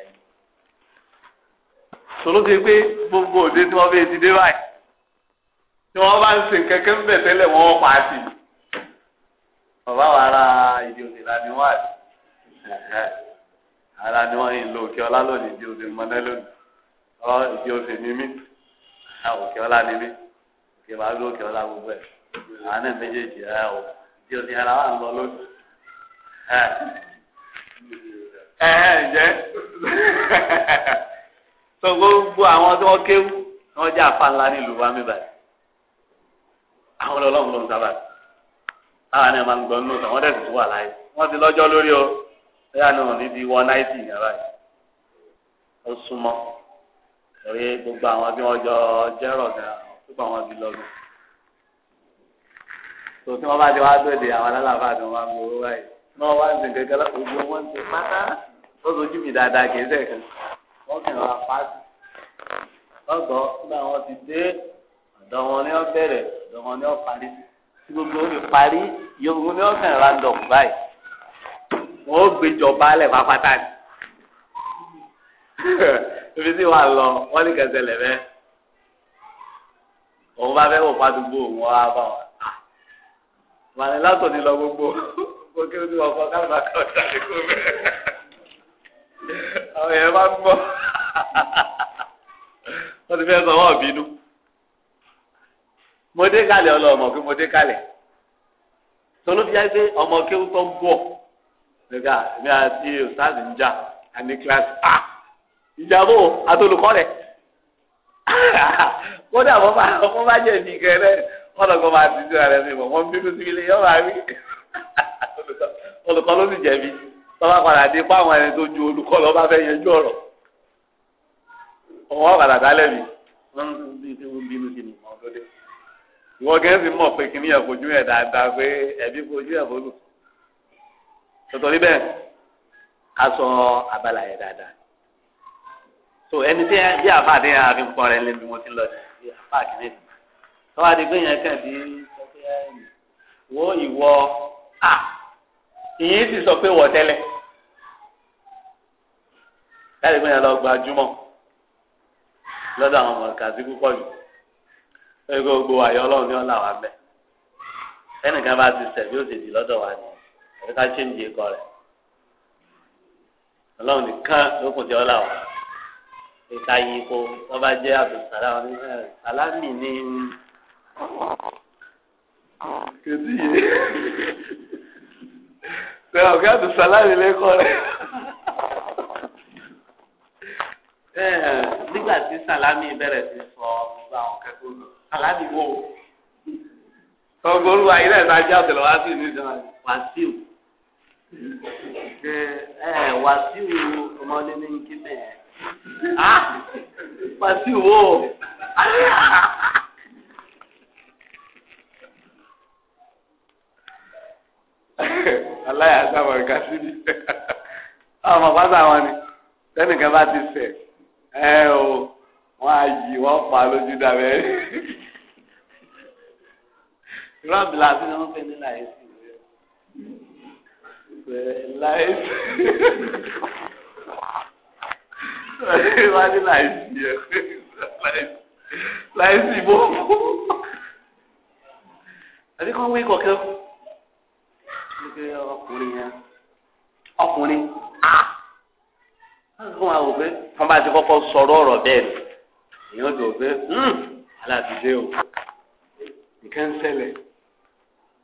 S2: yìí pé gbogbo òde tí wọ́n fi ti dé báyìí tí wọn bá ń ṣe kẹkẹ ń bẹ tẹ́lẹ̀ wọn pa á sí bàbá wa ara ìdí òde la ni wọn àti ara ni wọn ìlò òkè ọlá lónìí ìdí òde mọdẹ lónìí ọ ìdí òde ni mí òkè ọlá ni mí òkè bá gbé òkè ọlá gbogbo ẹ àwọn náà méjèèjì ẹ o ìdí òde ara wà ń lọ lónìí ẹ ẹ tó gbogbo àwọn tó kéwú wọn jẹ àfa ńlá nílùú wa mi báyìí àwọn ọlọ́run ló ń sábà àwọn ẹ̀ máa ń gbọ́ nínú ìtàn wọ́n tẹ̀sí tó wà láyé wọ́n ti lọ́jọ́ lórí o bẹ́ẹ̀ ni òní di wọ́n náìtì yẹn báyìí ó súnmọ́ torí gbogbo àwọn tí wọ́n jọ jẹ́rọ̀ gan gbogbo àwọn ti lọ́dún tó tí wọ́n bá ti wá gbèdè àwọn alálàáfà tí wọ́n máa ń gbowó báyìí tí wọ́n bá ń sìn kékeré ojú wọn ti pátá ó sojú mi dáadáa kì í sẹ̀kẹ́ wọ́n kàn wá pàṣẹ lọ́gbọ̀ọ́ nígbà wọn ti dé ọ̀dọ̀ wọn ni wọ́n bẹ̀rẹ̀ ọ̀dọ̀mọ ni ó parí tí gbogbo ó parí yorùbá ni ó kàn ra lọ báyìí wọn ó gbéjọba alẹ́ pápátá ni ibi tí wàá lọ wọn ní kẹsẹ̀ lẹ̀ bẹ́ẹ̀ òun bá fẹ́ wò fádùúgbò òun wá bá wọn màní látọ̀ ní lọ gbogbo gbogbo kí ló ti wọ̀ fọ́ káàmù àkàwé bẹ́ẹ̀ àwọn èèyàn bá ń gbọ́ wọ́n ti fẹ́ sọ wọ́n bínú mo dé kalẹ̀ ọlọ́mọ pé mo dé kalẹ̀ tọ́lọ́bí yá pé ọmọ kéwù tó ń bọ̀ nígbà mi àti ọ̀sáàdì ń jà àní kíláàsì a ìjàmbó àtolùkọ́ rẹ̀ kódà wọ́n bá wọ́n bá jẹ̀ ní kẹrẹ́ ọ̀nà kan máa ti síra rẹ̀ sí ìbọn wọ́n bínú sí ilé yọ̀ọ́ máa rí olùkọ́ ló sì jẹ̀bi tọ́ba padà dé pa àwọn ẹni tó ju olùkọ́ lọ bá fẹ́ yẹjú ọ̀rọ̀ ọ̀wọ́ padà dálẹ̀ mi
S1: wọ́n bínú sí mi
S2: ìwọ gẹ́gẹ́ mọ̀ pé kìnìyà fojú ẹ̀ dáadáa pé ẹ̀bí fojú ẹ̀ fọlù tọ̀tọ̀ níbẹ̀ ká sọ abala yẹn dáadáa so ẹni tí bí àbá àti yẹn àfi ń pọn rẹ lé bí wọ́n ti lọ sí àbá kìnìyà tọ́wọ́ àti gbẹ̀yìn kàn bí wọ́n ìwọ à ìyẹn sì sọ pé wọ́n tẹ́lẹ̀ láti gbẹ̀yìn lọ gbajúmọ̀ lọ́dọ̀ àwọn ọmọ kàdí púpọ̀ jù. ẹgbẹ́ gbogbo ayọ̀ ọlọrun ni ọ̀là wa mẹ́ ẹnìkan bá ti sẹ̀ bí ó sì di lọ́dọ̀ wa ni ẹ̀rí ká ṣe ń di ikọ̀ rẹ̀ ọlọ́run nìkan ló kùn tí ọ̀là wa ìka yìí kó wọ́n bá jẹ́ wọn ní alámì ní yìí nígbà tí sàlámì bẹ̀rẹ̀ sí sọ gbogbo àwọn aládìgbò ọgọ olúwa ilé ẹ̀ka ajá ọ̀tẹ̀lẹ̀ wá sí ìlú wàsíù ẹ wàsíù ọmọdé ní kí bẹ́ẹ̀ wàsíù o aláya sábà ká sí ni ọmọ pátá wọn ni sẹ́nìkan bá ti sẹ̀ ẹ o wọ́n á yí wọ́n pa lójú dàbẹ́ rọ́ọ̀bì làbí ni wọ́n fẹ́ ní láìsí láìsí wọ́n ní láìsí
S1: ẹ̀ láìsí bó
S2: àbí kí wọ́n wé kọ̀kẹ́ ọkùnrin yẹn ọkùnrin a ah! wọ́n á wò pé wọ́n bá ti kọ́kọ́ sọ̀rọ̀ ọ̀rọ̀ bẹ́ẹ̀ èèyàn tó fẹ́ hmm, aláàtúndé o nìkan ń ṣẹlẹ̀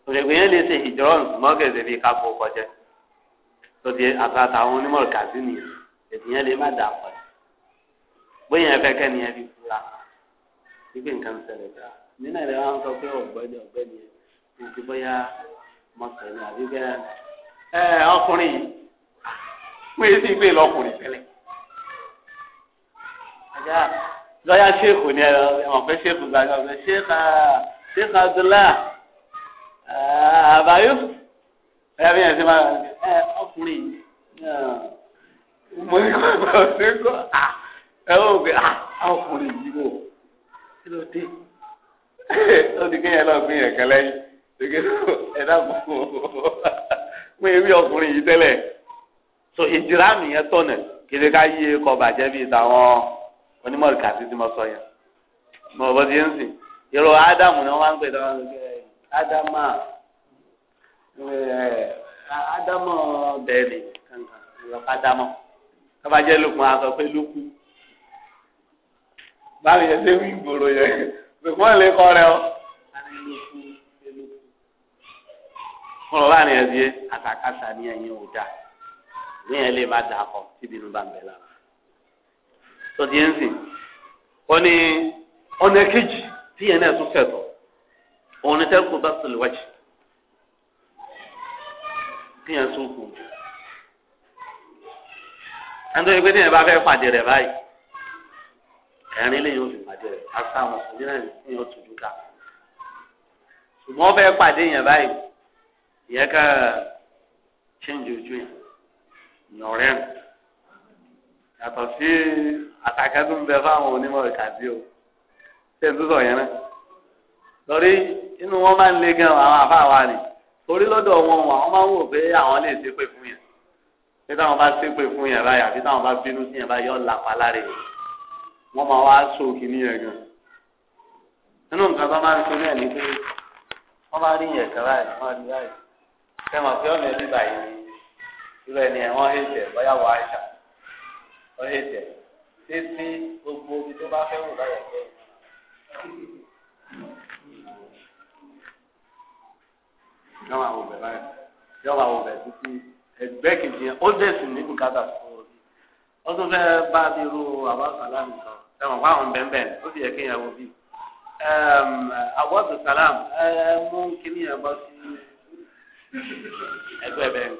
S2: òṣèlú yẹn lè ṣe ìjọrọ̀ mọ́gẹ̀dẹ̀ bíi kápò kọjá tó ti àtàtà àwọn onímọ̀rọ̀ kàdí nìyẹn ètò yẹn lè má dà pọ̀ bóyá ẹ fẹ́ kẹ́ni ẹ fi fura wípé nǹkan ń ṣẹlẹ̀ dáa nínú ẹ̀rọ wa sọ pé ọ̀gbẹ́ni ọ̀gbẹ́ni ẹ̀ ti bóyá mọ̀sẹ̀ni àbí bẹ́ẹ̀ ẹ ọkùnrin yìí pé sí pé lọkùnrin tẹ́lẹ̀ ajá lọ́yà ṣéèkù ni ẹ̀rọ pé ṣéèkù gbàgbọ́ pé ṣéèkù Abdullah eh, àbáyọ ẹ̀yà bí yẹn ti máa ẹ ọkùnrin eh, mo ní kó ẹgbẹ́ ọ̀sẹ̀ kó ẹ ó gbé ọkùnrin yìí wò kí ló dé ó ní kéèyàn lọ gbé yẹn kan lẹ́yìn gẹ́gẹ́ tó ẹ dàgbọ́ pé ewé ọkùnrin yìí tẹ́lẹ̀ so ìdírámù yẹn tọ̀nà kí ni ká yí kọ bàjẹ́ bíi tàwọn onímọ̀rì kàtí tí mo sọ yẹn mo bọ́ ti ń sìn irú ádámù ni wọ́n máa ń pè dáwọn ádámà ádámà bẹ́ẹ̀ni kankan ìlọ́pàá ádámà tọ́ba jẹ́ lókun aṣọ pé lókun báwo yẹn ṣe wí ìgboro yẹn lókun lè kọ́ rẹ ọ́ fúnra báyìí ẹ̀ di àtàkàṣà ni ẹ̀yin ò dáa ní ẹ̀ lè má dà kọ́ síbi inú bá ń bẹ̀ lára tó ti ń sìn ó ní ọ̀nà kejì tí yẹn náà tún fẹ̀tọ̀ òun ni tẹ́kù bá sọ̀lẹ̀ wájú kí yẹn tún kù. ẹni tó yẹ pé tí yẹn bá fẹ́ pàdé rẹ̀ báyìí ẹ̀rín lè yóò fi pàdé rẹ̀ asá àwọn ọ̀sán náà ní yóò dúkà ṣùgbọ́n fẹ́ pàdé yẹn báyìí ìyẹn ká ṣéǹjì ojú yẹn nọ̀rẹ́rìn yàtọ̀ sí àtàkẹ́ bẹ fáwọn onímọ̀ ìkàdí o ṣé n tó sọ yẹn náà lórí inú wọn máa ń le gan àwọn àfáà ni torí lọ́dọ̀ wọn àwọn máa ń wò pé àwọn lè ṣépè fún yẹn pé táwọn bá ṣépè fún yẹn báyà àbí táwọn bá bínú sí yẹn báyà yọ̀ lápá lára máa wá so kìíní yẹn gan nínú nǹkan tó máa ń ṣe náà ni pé wọ́n bá rí yẹn kẹ́rà yìí wọ́n rí yẹn kẹ́mọ̀ pé ọ̀nà ẹ̀ ọ̀hẹ́ tẹ̀ títí gbogbo omi tó bá fẹ́ wù láyà jẹ́ yọ máa wò bẹ̀ báyà yọ máa wò bẹ̀ títí ẹgbẹ́ kejì yẹn ó dẹ̀ sì ní bùkátà fún orí ó tún fẹ́ bá a bí irú àbáṣálá mi sọ ẹ̀wọ̀n fáwọn bẹ́ẹ̀ bẹ́ẹ̀ ó sì yẹ kéèyàn wo bíi awọ́dù sàlám ẹ
S1: mú kíní ẹ bọ́ sí ẹgbẹ́ bẹ́ẹ̀.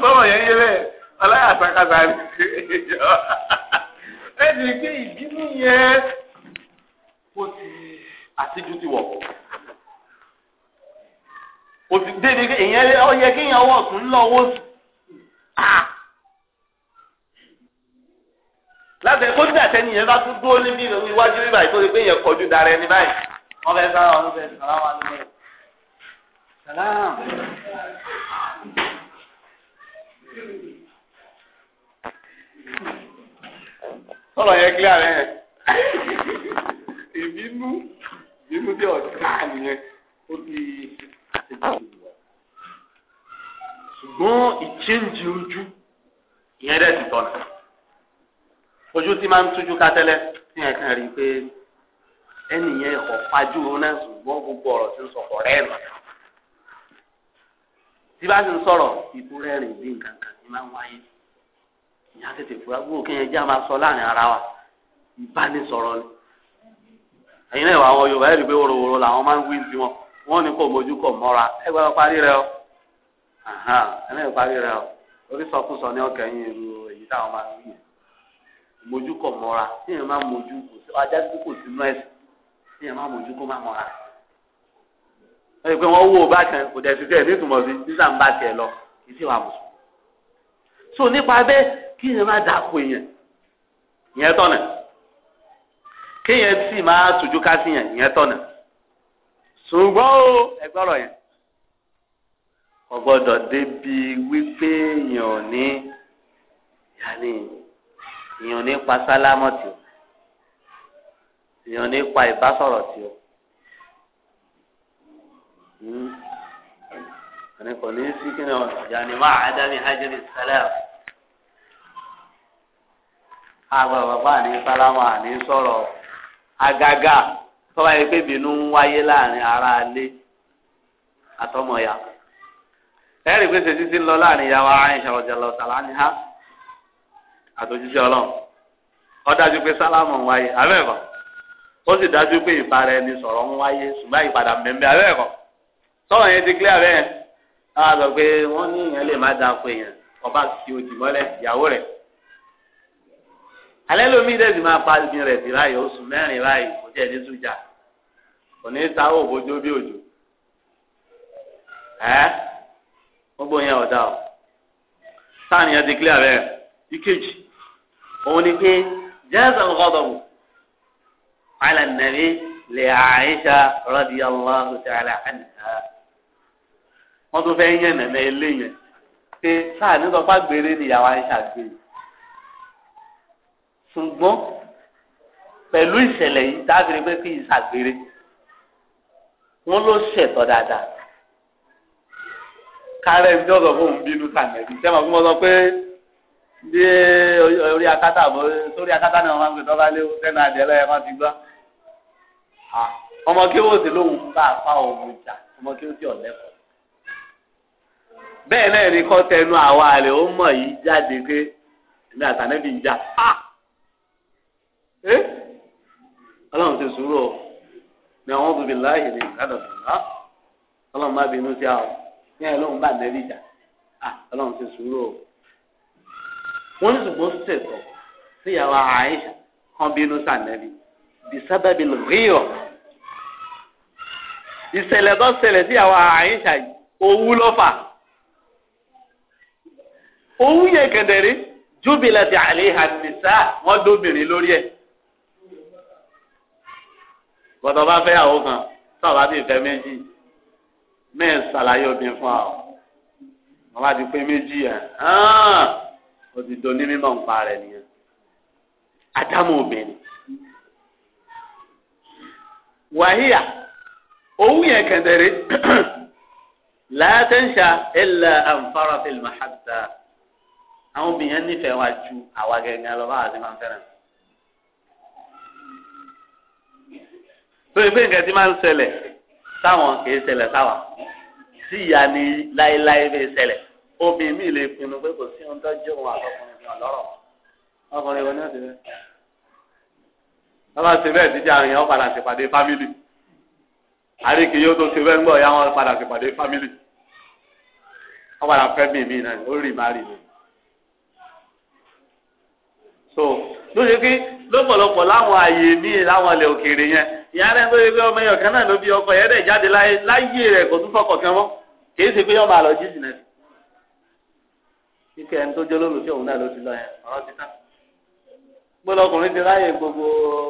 S1: sọ́wọ́ yẹn yé bẹ́ẹ̀ ọlọ́yà sàkàsà ní ìjọ
S2: ẹni pé ìbínú yẹn ó ti àtijú ti wọ̀ ó ti débi pé èèyàn ó yẹ kí èèyàn wọ̀ tún lọ́wọ́ sùn láti kó ní àtẹni yẹn bá tún dúró níbi iwájú rí báyìí tó ti pé èèyàn kọjú dára ẹni báyìí wọ́n fẹ́ sára wọn fẹ́ sàrà wọn
S1: lọ́wọ́ sàlámù
S2: sọ̀rọ̀ yẹn kílíà rẹ̀ ìbínú ìbínú bí ọ̀dà nìyẹn ó ti
S1: ṣùgbọ́n ìchéǹjì ojú
S2: ìyẹn dẹ̀ ti tọ̀nà ojú tí máa ń tújú ká tẹ́lẹ̀ ní ẹ̀ka rí i pé ẹnì yẹn ẹ̀kọ́ fajú náà ṣùgbọ́n gbogbo ọ̀rọ̀ tí ń sọ̀kọ̀ rẹ̀ nù tí bá ti ń sọ̀rọ̀ ìbúrẹ́rìn bí nǹkan kan ní máa ń wáyé ìyá tètè fura gbogbo kéèyàn já máa sọ láàrin ara wa ìbánisọ̀rọ̀ ni ẹ̀yin náà àwọn Yorùbá ẹ̀rí pé wòròwòrò làwọn máa ń wí sí wọn wọn ní kò mójú kò mọ́ra ẹ gbọ́dọ̀ parí rẹ o ẹ náà parí rẹ o orísọkúsọ ní ọkẹ yín irú èyí táwọn máa ń wí yẹn mójú kò mọ́ra tí máa mójú kò sí ajá tí kò sí nú ẹ̀sìn tí máa mójú kò máa mọ́ra ẹ pé wọ́n wó o bá kan kéèyàn má dàpọ̀ èèyàn ìyẹn tọ̀nà kéèyàn sì máa tùjú ká sí yẹn ìyẹn tọ̀nà ṣùgbọ́n o ẹgbọ́rọ̀ yẹn kò gbọ́dọ̀ débi wípé èèyàn ò ní yàní èèyàn ò ní pa sálámọ̀ tì o èèyàn ò ní pa ìbásọ̀rọ̀ tì o hmm? àní kò ní sí kí ni ọ̀yàní máa àdámi hajj ní àgbà bàbá àní sálámà àní sọ̀rọ̀ àgàgà tọ́ba yẹ pé bínú ń wáyé láàrin ara ilé àtọmọ̀ya ẹ̀rí pé ṣe títí lọ láàrin ìyàwó Àìṣà radiyallahu ta'ala anha àtòjíṣẹ́ ọlọ́run ó dájú pé sálámà ń wáyé abẹ́ẹ̀kọ́ ó sì dájú pé ìbára ẹni sọ̀rọ̀ ń wáyé ṣùgbọ́n ìpadà mẹ́mẹ́ abẹ́ẹ̀kọ́ sọ̀rọ̀ yẹn ti clear abẹ́ẹ̀ á sọ pé wọ́n ní ìyẹn lè má dáa pé èèyàn ọba ti òdì mọ́lẹ̀ ìyàwó rẹ̀ alẹ́ lomi dẹ̀ ti máa pa ìgbìn rẹ̀ sí láàyè oṣù mẹ́rin láàyè kò tẹ̀ ní sùjà kò ní sáwọ́ òbójó bí òjò ẹ́ gbogbo yẹn ọ̀dà o sáàni yẹn ti clear rẹ̀ ìkejì òun ni pé jẹ́sẹ̀ ń kọ́dọ̀ bù alẹ́ nàbí lè Àìṣà radiyallahu ta'ala anha wọ́n tún fẹ́ yẹn nàmẹ́ ilé pé sáà nítorí pàgbére ni ìyàwó Àìṣà gbé yìí. ṣùgbọ́n pẹ̀lú ìṣẹ̀lẹ̀ yìí dábìrì pé kí ìṣàgbére wọn ló ṣẹ̀tọ́ dáadáa kárẹ́ ní ọ̀sán fún bínú sàmẹ́bí sẹ́mi àwọn ọmọ sọ pé bí orí akátá àbọ̀ sórí akátá náà máa ń gbé tọ́ba léwu sẹ́nu adìẹ lọ́yẹ máa ti gbá ọmọ kí wọ́n sì lóhùn bá apá òun jà ọmọ kí wọ́n ọ̀lẹ́kọ̀ọ́ bẹ́ẹ̀ náà ni ẹ eh? ọlọ́run ti sùúrù o ní àwọn òbí láàyè ní ọlọ́run má bínú sí àwọn ní ẹ bá nẹ́bí jà ti sùúrù o ní ṣètò síyàwó àìsàn kan bínú sànẹ́bí bisababi lghiyọ ìṣẹ̀lẹ̀ tó ṣẹlẹ̀ owú ló fà owú yẹn kẹdẹrí wọn dóbìnrin gbọ́dọ̀ bá fẹ́ yàwó kan sọba ti fẹ́ méjì mẹ́ẹ̀ ṣàlàyé obìnrin fún ọ wọn bá ti pé méjì yẹn o ti do ní mímọ̀ nípa rẹ̀ nìyẹn ádámù obìnrin wàhíyà òun yẹn kẹndẹrẹ látẹnṣà ẹlẹ ànfàràfẹlẹ màhàbìtà àwọn obìnrin yẹn nífẹ̀ẹ́ wa ju àwa gẹ́gẹ́ lọ bá àti máa fẹ́ràn. tó ìgbé nǹkan tí máa ń ṣẹlẹ̀ táwọn kì í ṣẹlẹ̀ sáwà tí ìyá ni láéláé lè ṣẹlẹ̀ obìnrin mi lè pinnu pé kò sí ohun tó jẹ́ òun àtọkùnrin mi ọ̀lọ́rọ̀ ọkùnrin wọn ni wọ́n ti rẹ̀. lọ́ba ṣe bẹ́ẹ̀ díjà àwọn èèyàn padà ṣèpàdé fámìlì àríkì yóò tó ṣe bẹ́ẹ̀ ń gbọ́ ya wọn padà ṣèpàdé fámìlì wọ́n padà fẹ́ mi mi náà ó rì má rì mi. so ló ṣe kí lọ́pọ̀lọpọ̀ láwọn àyè míì láwọn ilẹ̀ òkèèrè yẹn ìyá rẹ̀ ń lóye pé ọmọ ẹ̀yọ̀ kan náà ló bí ọkọ yẹn rẹ̀ jáde láyé láyé rẹ̀ kò tún fọkàn kan mọ́ kì ṣe pé ọmọ àlọ́ jíjìn náà kíkẹ́ ẹni tó jẹ́ lólùfẹ́ òun náà ló ti lọ yẹn ọ̀rọ̀ ti tán gbọ́dọ̀ ọkùnrin ti ráyè gbogbo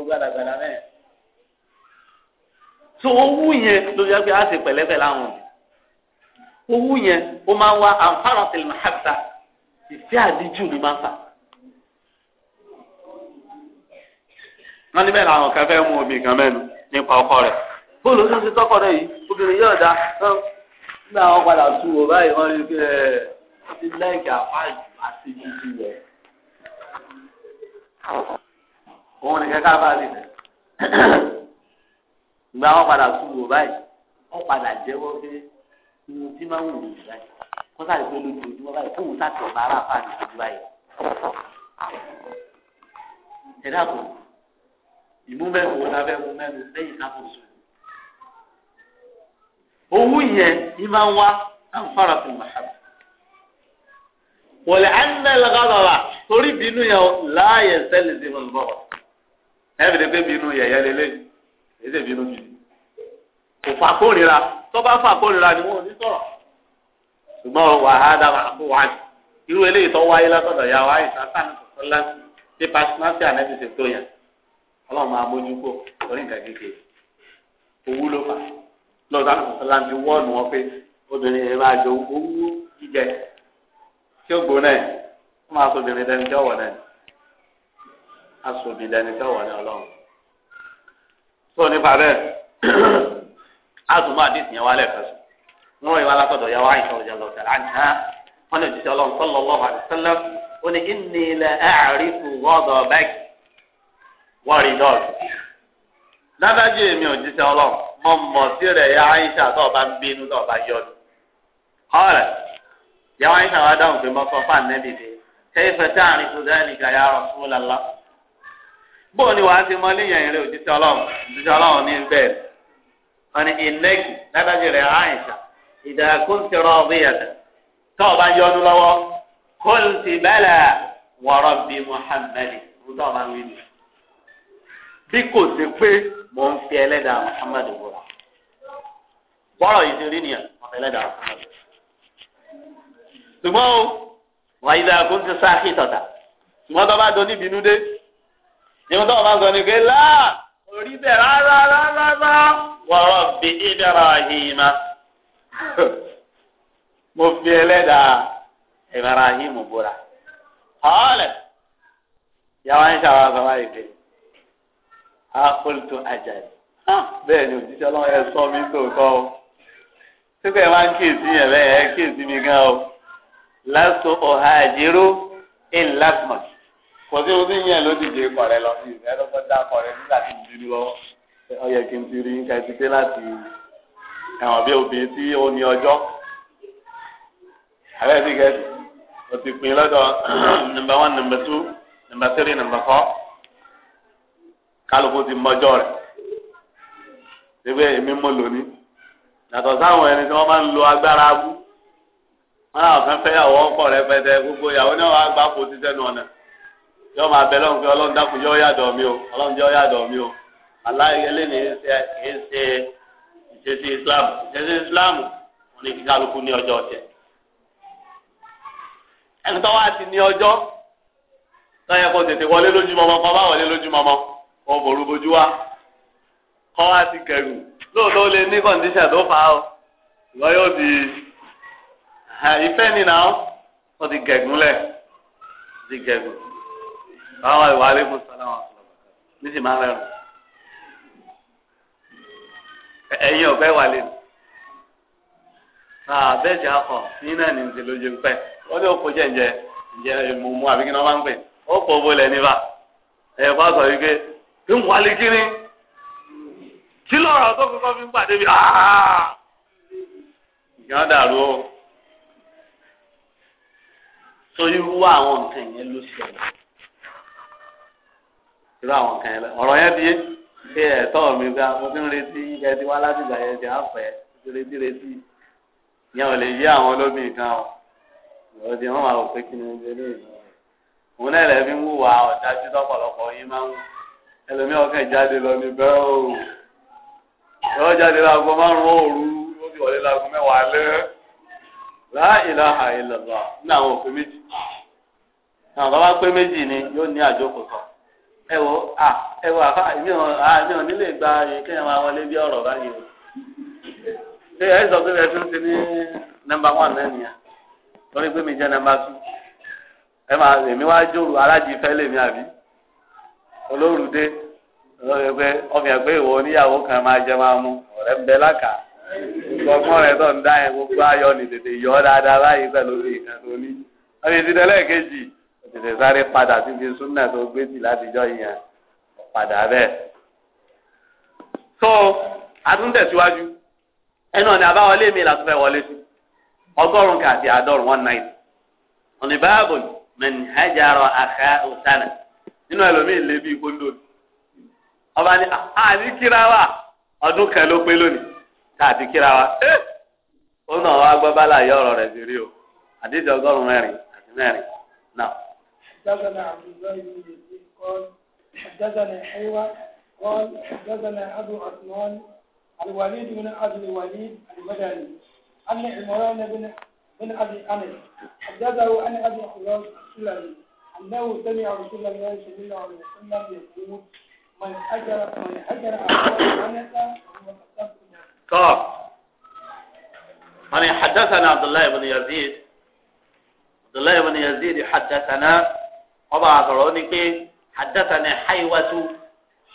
S2: gbàdàgbàdà mẹ́rin tó owó yẹn ló yẹ pé a ṣe pẹ̀lẹ́pẹ̀lẹ́ àwọn owó yẹn ó máa ń wá àǹfààní wọ́n níbẹ̀ làwọn kan fẹ́ mú omi kan mẹ́nu nípa ọkọ rẹ̀ bóòlù tó ń ti tọkọ rẹ̀ yìí obìnrin yóò dá nígbà wọn padà tu wò báyìí wọ́n rí pé ẹ ti lẹ́ẹ̀kì àfáàjù àti jíjí rẹ̀ òun nìkan ká bá rẹ̀ ìgbà wọn padà tu wò báyìí wọ́n padà jẹ́wọ́ pé ohun tí máa ń wù mí báyìí kó sáré pé lójoojúmọ́ báyìí kóhun sáré ọ̀bá aráàfáà nìkan ìmúmẹ́wò lábẹ́ mú mẹ́nu lẹ́yìn sábòsù. owó yẹn ní máa ń wá àǹfààrà fún màhàbà. wọ̀lẹ̀ ẹ̀ńdẹ̀ lọ́gọ́dọ̀là torí bínú yẹn láàyè sẹ́lẹ̀ sí wọn bọ̀. ẹ̀rì ni pé bínú yẹ̀yẹ́ lélẹ́yìn èdè bínú gidi. kò fà kórìíra tó bá fà kórìíra ni wọn ò ní sọ̀rọ̀. ṣùgbọ́n wàhálà wà irú eléyìí tó wáyé látọ̀dọ̀ yà wáyé sàtàn tó sọ́lá ní pàṣípàṣí ànẹ́bí ṣètò yẹn ọlọ́run máa mójú kó orí nǹkan kékeré owó ló fà lọ́dọ̀ àkọsọ́lá ti wọ́ọ̀nù wọn pé obìnrin yẹn máa jọ owó jíjẹ tí ó gbóná ẹ̀ wọ́n máa sọ obìnrin dání tí ọ̀wọ̀ náà aṣọ dání tí ọ̀wọ̀ náà ọlọ́run tó nípa bẹ́ẹ̀ a tún máa dé ìtìyẹn wálẹ̀ wọ́n ìwà wá ìṣòro jẹ lọ́sẹ̀ láńtà wọ́n lè jíṣẹ́ ọlọ́run sọ́lọ́ ní wọ́n rí èmi ò jíṣẹ́ ọlọ́run mo ya aisha tó ọba ń bínú tó ọba yọ ọ̀rẹ́ ya aisha wa dáhùn pé mo sọ fún ànẹ́bí de kẹ́yìn fẹ́ tá àrin ya Rasulullah. bóun ni wàá ti mọ níyàn ìrẹ́ òjíṣẹ́ ọlọ́run òjíṣẹ́ ọlọ́run ní bẹ́ẹ̀ wọ́n ní rẹ̀ aisha ìdàkúntìrọ̀ bí kò sí pé mò ń fi ẹlẹ́dàá Muhammad wọ̀ bọ́rọ̀ yìí ti rí nìyẹn ọ̀fẹ́ ẹlẹ́dàá Muhammad. ṣùgbọ́n o wà ìdá kó ń ti sáàkì tọ̀tà ṣùgbọ́n tó bá do níbi inú dé ìwọ́n tó bá sọ ni pé láà orí bẹ̀ rárá rárá rárá wọ̀rọ̀ bí Ibrahima mo fi ẹlẹ́dàá ọ̀ọ́lẹ̀ yàrá ń ṣàwọn àgbà wáyé pé. akólító ajayi bẹ́ẹ̀ ni òjíṣẹ́ ọlọ́run ẹ sọ mí tòótọ́ o síbẹ̀ wá ń kíyèsí yẹn bẹ́ẹ̀ ẹ kíyèsí mi gan o lásán ọ̀há àjẹrò ẹ̀ lásán kò sí ohun tí ń yẹn ló dìde kọ̀rẹ́ lọ sí ìfẹ́ lọ́kọ́ dá kọ̀rẹ́ nígbà tí mo dúró lọ́wọ́ ó yẹ kí n ti rí nǹkan ti dé láti ẹ̀wọ̀n bí obìnrin tí ó ní ọjọ́ àbẹ́ẹ̀ sí kẹ́sì o ti pin lọ́dọ̀ nọmba one number two number three number four kálukú ti mọjọ́ rẹ̀ ṣébẹ́ èmi mọ lónìí yàtọ̀ sáwọn ẹni tí wọ́n máa ń lo agbára abú wọn náà fẹ́ fẹ́ yàwó ọkọ rẹ pẹtẹ gbogbo yàwó náà wàá gbà kó ti sẹ́nu ọ̀nà yọ máa bẹ lọ́hùn pé ọlọ́run dákun yọ yàdọ̀ mi o ọlọ́run jẹ́ yàdọ̀ mi o aláìyẹlé ní ṣe kìí ṣe ìṣesí Islam ìṣesí Islam wọn ni kíkálukú ní ọjọ́ ọ̀tẹ̀ ẹni tó wá ti ní ọjọ́ tó yẹ kó tètè wọlé lójúmọmọ kó bá wọlé lójúmọmọ wọn bòrú wa kọ́ wá ti kẹrù lóòótọ́ lè ní kọ́ndíṣà tó fà á o yóò di ìfẹ́ nìyà ó ti gẹ̀gùn lẹ̀ ti gẹ̀gùn báwọn ìwà alẹ́ fún wọn ní sì máa rẹ̀ ẹ̀yin ọ̀fẹ́ wà lẹ́nu àbẹ́jì akọ ní náà ní ti lójú pẹ́ ó ní òkú jẹ̀ǹjẹ̀ ǹjẹ́ mú àbí kí ni wọ́n máa ń pè ó pọ̀ bó lẹ́ni bá ẹ̀ bá sọ wípé ń wálé kíní kí lọ́rọ̀ tó kọ́kọ́ fi ń pàdé bí ìyá dàrú o torí wú àwọn nǹkan yẹn ló ṣẹlẹ̀ irú àwọn nǹkan yẹn lọ ọ̀rọ̀ yẹn bí ṣe ẹ̀tọ́ mi ga mo ti ń retí ẹ ti wá láti ìgbà yẹn ti á fẹ́ ti retí retí ìyẹn ò lè yí àwọn olómi kan o ìwọ ti wọn máa wò pé kí ni mo ṣe lè mọ òun náà lẹ́ẹ̀mí ń wùwà ọ̀dájú lọ́pọ̀lọpọ̀ yín máa ń wù ẹlòmí ọkàn jáde lọ ní o yọ jáde láago márùn òru ó sì wọlé láago mẹ́wàá lẹ́ la ilaha ní àwọn òfin méjì àwọn bàbá pé méjì ni yóò ní àjókòó kan à ẹ àfa èmi ò mi ò nílè gba kéèyàn máa wọlé bí ọ̀rọ̀ báyìí o ṣé ẹ sọ pé ẹ tún ti ní nọ́mbà one náà nìyẹn lórí pé mi jẹ́ nọ́mbà two ẹ máa èmi wá jòrò alájí fẹ́ lèmi àbí olórùdé lọ́dẹ̀gbẹ́ ọmọ ẹgbẹ́ ìwọ oníyàwó kan máa jẹ máa mú ọ̀rẹ́ ń bẹ lákàá gbọ̀ngbọ̀n rẹ̀ tó ń dá yẹn gbogbo ayọ̀ ní tètè yọ dáadáa báyìí pẹ̀lú orí ìkan tó ní. wọ́n ti dídẹ́ lẹ́ẹ̀kejì tètè sáré padà síbi súnà tó gbé sí látijọ́ yẹn padà bẹ́ẹ̀. tó atúntẹ̀síwájú ẹnu ọ̀nà àbáwọlé mi làtún fẹ́ wọlé sí ọgọ́rùn-ún kàti àádọ́rùn-ún one night. ọ̀nìbáàbò mẹ́nìhẹ́jàrọ̀ àkà òsánà nínú ẹlòmíì lé bíi kóńdò ọba ni àní kíra wa ọdún kan ló pé lónìí káàdì kíra wa ẹ eh! ó nà wá gbọ́ bá láàyè ọ̀rọ̀ rẹ̀ sí rí o àdéjọ ọgọ́rùn-ún mẹ́rin àti mẹ́rin náà.
S1: حدثنا عبد الله بن يزيد قال حدثنا حيوة قال حدثنا أبو عثمان الوليد بن أبي الوليد المدني أن عمران بن بن أبي أنس حدثه عن أبي خلاص السلمي أنه سمع رسول الله صلى الله عليه وسلم يقول من حجر من حجر أخوه
S2: طب أنا يعني حدثنا عبد الله بن يزيد عبد الله بن يزيد حدثنا وضع ذرونك حدثنا حيوة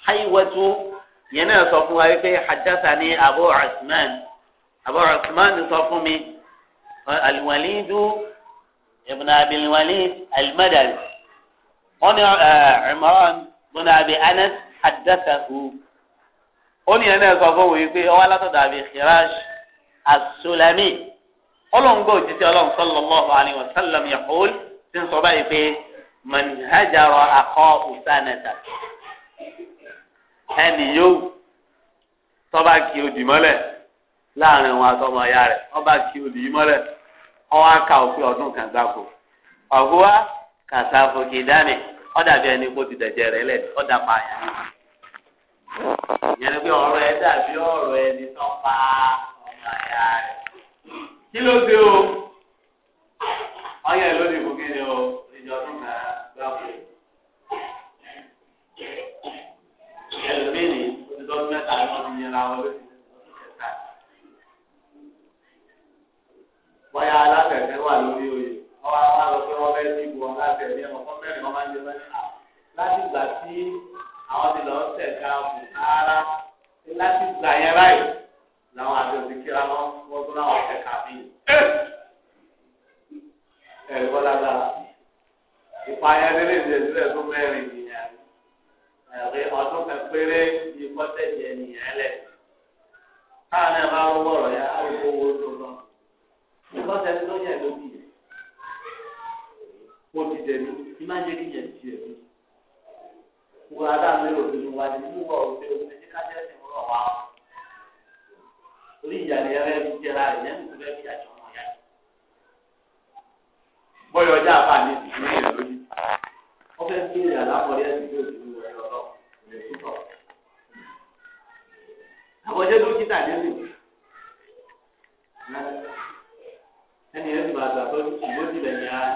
S2: حيوة ينا صفوها حدثني أبو عثمان أبو عثمان صفومي الوليد ابن أبي الوليد المدني wọ́n ní eh, Imran bin Abi Anas haddathahu ó ní ẹni ẹ̀kọ́ fún wòye pé ọwọ́ alátọ̀dọ̀ àbí Khirash as-Sulami ọlọ́ngbọ́ òjíṣẹ́ ọlọ́run sallallahu alaihi wasallam yaqul ti ń sọ báyìí pé man hajara akhahu sanata ẹnì yóò tọ́ba kí odì mọ́lẹ̀ láàrin wọn àtọmọ ya rẹ̀ ọba kí odì mọ́lẹ̀ ọwọ́ aka òfin ọdún kan gbáko ọ̀húwa kàtàfọ̀kì dání ọdà bí ẹni kó ti dẹjẹ rẹ lẹ ọdà pa àyàn ìyẹn bí ọ̀rọ̀ ẹ dàbí ọ̀rọ̀ ẹni tó pa ọmọ àyà rẹ kí ló dé o ọyẹ lónìí kò kéde o ìjọ tó gbà gbà pé ẹlòmíì ọdún mẹ́ta ni ti yẹn wọn lóṣù kẹta bóyá alákẹ̀kẹ́ wà lórí oyè wọ́n wá wá lọ pé wọ́n fẹ́ dìbò wọn láti ẹ̀mí ẹ̀mọ́ fún mẹ́rin wọ́n máa ń jẹ mẹ́rin náà láti gbà tí àwọn ti lọ ṣẹ̀ka bùkárá láti gbà yẹn báyìí làwọn àti òsì kíra lọ wọ́n tún láwọn ṣẹ̀ka bí. ẹ̀rí bọ́lá gbà ìpààyàn lélẹ̀ ìdẹ̀sílẹ̀ tó mẹ́rin nìyẹn ẹ̀rí ọdún kan péré ìkọ́tẹ̀jẹ̀ nìyẹn lẹ̀ káà náà bá rọ́ bọ̀rọ̀ yẹn á rí owó tó lọ ìkọ́tẹ̀ tó yẹ lóbi
S1: kó ti dẹ̀mí ní máa ń kí yẹn ti dẹ̀mí. Wọ́n adá mẹ́rọ wa ni mú wọ́n òde òde ní kájẹ́ ẹ̀sìn wọ́n wá.
S2: Orí ìyàlẹ̀ ẹ̀rẹ́ mi jẹ́ra rẹ̀ yẹn
S1: kò fẹ́ fi àjọ wọn yá.
S2: Bọ́yọ̀ ọjà àbá mi ti fi ìrìn lójú. Wọ́n fẹ́ ìrìn àlámọ̀rí ẹ̀sìn
S1: tó ti wọ ẹ̀rọ
S2: lọ ilẹ̀ tó tọ̀. Àbọ̀jẹ́ dókítà ní ẹ̀sìn. Ẹni ẹ̀sìn bàtà tó ti wọ́n ti lẹ̀ yára.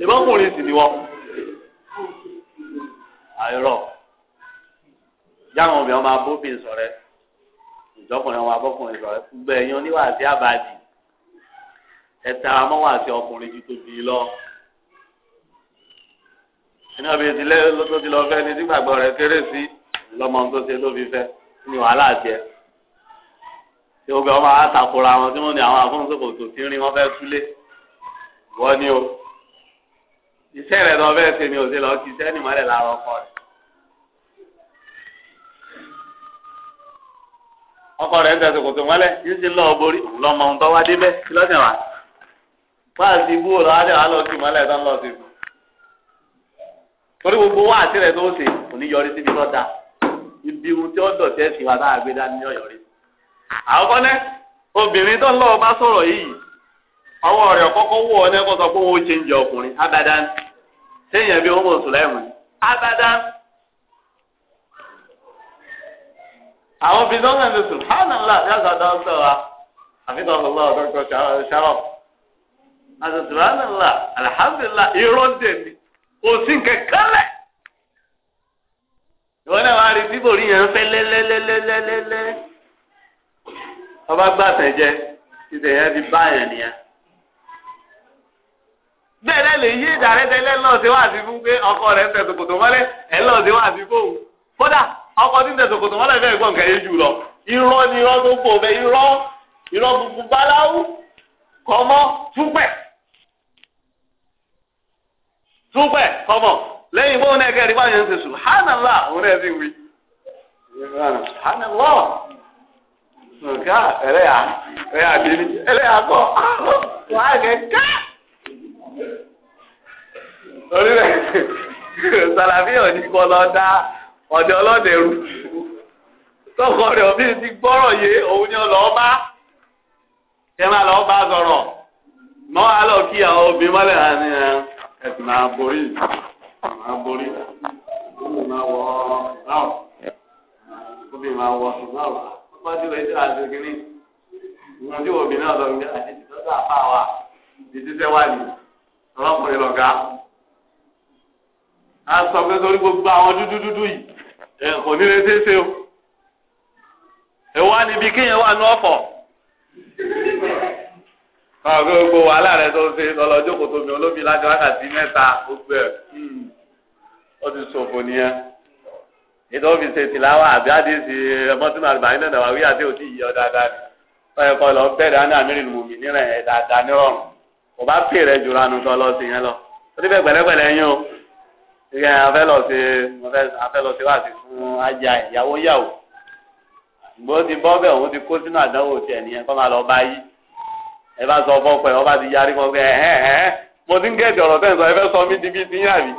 S2: ìbọkùnrin sì ni wọn àìrọ jáwọn obìnrin máa bóbìnrin sọ̀rẹ́ ìjọkùnrin wọn abọkùnrin sọ̀rẹ́ gbogbo ẹ̀yin oníwà sí àbàdì ẹta amọwà sí ọkùnrin ju tóbi lọ ẹni ọbẹ ìdílé tó ti lọ fẹ́ ni nígbàgbọ́ rẹ̀ kéré sí lọmọ tó ṣe tó fi fẹ́ ní wàhálà tiẹ̀ tí obìnrin wọn máa takora wọn tí wọn ní àwọn afúnṣokòtò tí ń rí wọn fẹ́ súlé wọn ni o. iṣẹ́ rẹ̀ lọ bẹ́ẹ̀ ṣe ni òṣèlú ọkì iṣẹ́ ni ọkọ rẹ̀. ọkọ rẹ̀ ń tẹ̀sẹ̀ kòtò mọ́lẹ̀ yín sí lọ́ọ́ borí lọ́mọ ohun tó wá dé bẹ́ẹ̀ kí lọ́sẹ̀ wá. wa lọ sí tó ń lọ sí torí ibi tí ó wa gbé dání àwọn kọ́lẹ́ obìnrin tó ń ọwọ́ rẹ̀ kọ́kọ́ wọ̀ ọ́ nẹ́kọ́ sọ pé wọ́n ó ṣe ń jẹ ọkùnrin abadan téèyàn bí wọ́n mọ̀ sùn abadan. àwọn fi sọ́nà ní sùn hánàlá ní àgbàdo ọ̀sẹ̀ wa àfihàn ọ̀dọ́kọ̀ ṣàrọ̀ ìwọ náà rí yẹn fẹ́ lẹ́lẹ́lẹ́lẹ́lẹ́lẹ́ ọba gbàtẹ̀ jẹ nìyẹn. bẹ́ẹ̀ náà lè yí ìdàrẹ́dẹ́ lẹ́lọ́ọ̀ sí wáàsí fún pé ọkọ rẹ̀ ń tẹ̀sùn kòtò mọ́lẹ̀ ẹ̀ lọ́ọ̀ sí wáàsí fún òun kódà ọkọ tí ń tẹ̀sùn kòtò mọ́lẹ̀ fẹ́ẹ́ ni irọ́ tó pọ̀ bẹ́ irọ́ irọ́ báláwú kọ́mọ́ túpẹ̀ túpẹ̀ kọ́mọ́ lẹ́yìn ń òun torí rẹ̀ sàlàfíà ní kọ́ lọ dá ọ̀dẹ ọlọ́dẹ rú tọkọ rẹ̀ òbí ti gbọ́rọ̀ yé òun ni ọlọ́ọ́ bá ẹ máa lọ́ọ́ bá sọ̀rọ̀ mọ́ àlọ́ kí àwọn obìnrin mọ́lẹ̀ àní ẹ̀sìn máa borí máa borí wọ máa wọ wọ́n ti sí náà àti ìtọ́jú a sọ pé torí gbogbo àwọn dúdú dúdú yìí kò ní lè ṣe é ṣe o
S1: èèwọ̀ níbi kéèyàn wà
S2: ní ọ̀fọ̀ káwọn pé gbogbo wàhálà rẹ tó ṣe lọlọjọ kò tóbi olómi láti wákàtí mẹ́ta gbogbo ẹ hmm, ó ti ṣòfò nìyẹn ètò ọ́fíìsì tìláwà àbí àdéhìsì mọ́tún àlùbáyé náà wà wí àti òtí ìyọ dáadáa ni ọ̀yẹ̀ kọ́ lọ bẹ̀rẹ̀ á ní àmírìn mùmí nírẹ̀ ẹ̀ dáadáa nírọ̀rùn kò bá pè rẹ̀ jùlọ ànú tọ́ lọ sí yẹn lọ ó yín o ìgbà yẹn afẹ́ lọ sí afẹ́ lọ sí wáàsí fún ajá ìyàwó yàwó gbogbo ti bọ́ bẹ́ẹ̀ òun ti kó sínú àdánwò tiẹ̀ nìyẹn kọ́ máa lọ bá yí ẹ bá sọ fọ́pọ̀ ẹ̀ wọ́n bá ti yarí kan pé ẹ̀hẹ́n ẹ̀hẹ́ mo ti ń gẹ̀ẹ́dì ọ̀rọ̀ tẹ́ ń sọ ẹ fẹ́ sọ mí di bíi ti yín àbí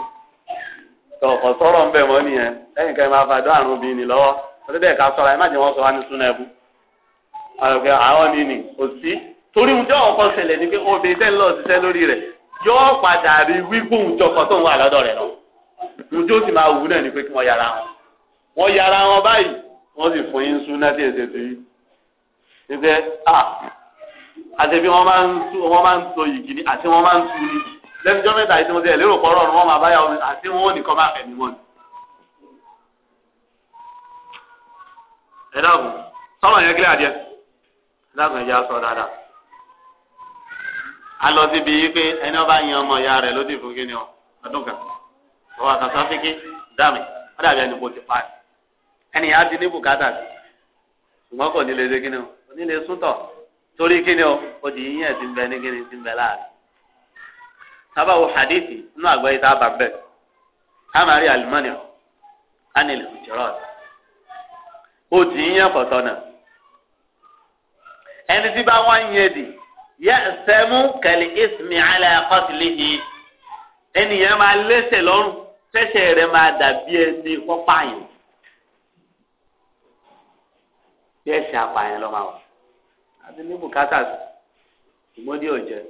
S2: tọ̀kọ̀ sọ̀rọ̀ ń bẹ̀ mọ́ nìyẹn lẹ́yìn kan máa fàdó àrùn obìnrin nì lọ́wọ́ torí bẹ́ẹ̀ ká sọ̀rọ̀ ẹ má jẹ́ wọ́n sọ wá ní súnà ẹ̀bù àwọn ni nì kò sí torí ohun tí ọ̀kọ̀ ṣẹlẹ̀ ni pé obìnrin tẹ́ ń lọ ṣiṣẹ́ lórí rẹ̀ yóò padà rí wígbóhùn jọkọ̀ tó ń wà lọ́dọ̀ rẹ̀ lọ ohun tí ó sì máa wù náà ni pé kí wọ́n yára wọn wọ́n yára wọn báyìí wọ́n sì fún yín sún náà tí èsè tó yí ṣíṣe à àti bí wọ́n máa ń tú wọ́n máa ń so yìí kìíní àti wọ́n máa ń tú ní lẹ́fíjọ́ mẹ́ta yìí tí mo ti ẹ̀ pọ̀ rọrùn wọ́n máa báyà omi àti wọ́n nìkan máa fẹ̀mí wọn. ẹ dákun sọ́nà yẹn kílẹ̀ àdìẹ ẹ dákun ẹ jẹ́ sọ dáadáa. a lọ síbi yìí pé ẹni ọba yan ọmọ ìyá rẹ̀ ló dì fún ọdún kan ọwọ́ àkàtà fíkí dàmí wọ́n dàbí ẹni kò ti pa ẹni yà á di ní bùkátà sí ṣùgbọ́n kò ní lè ṣe kíni o kò ní lè súntọ̀ torí kíni o ó di yíyàn ti ń bẹ ní kíni ti ń bẹ láàrin. sábà hadithi inú àgbẹ̀ yìí tá a bá bẹ̀ káàmà alimọ́nì ọ̀ ánì lè jọrọ̀ ó di yíyàn kọ̀tọ̀ náà ẹni tí bá wá ń yẹ di yẹ sẹ́mu kẹ̀lé ismi alẹ́ kọ́sìlì yìí ẹnìyẹn máa lẹ́sẹ̀ tẹ́sẹ̀ rẹ̀ máa dàbí ẹni kọ́pààyàn bí ẹsẹ̀ apààyàn lọ́ máa wà àti ní bùkátà ìmọ̀dí òjẹ́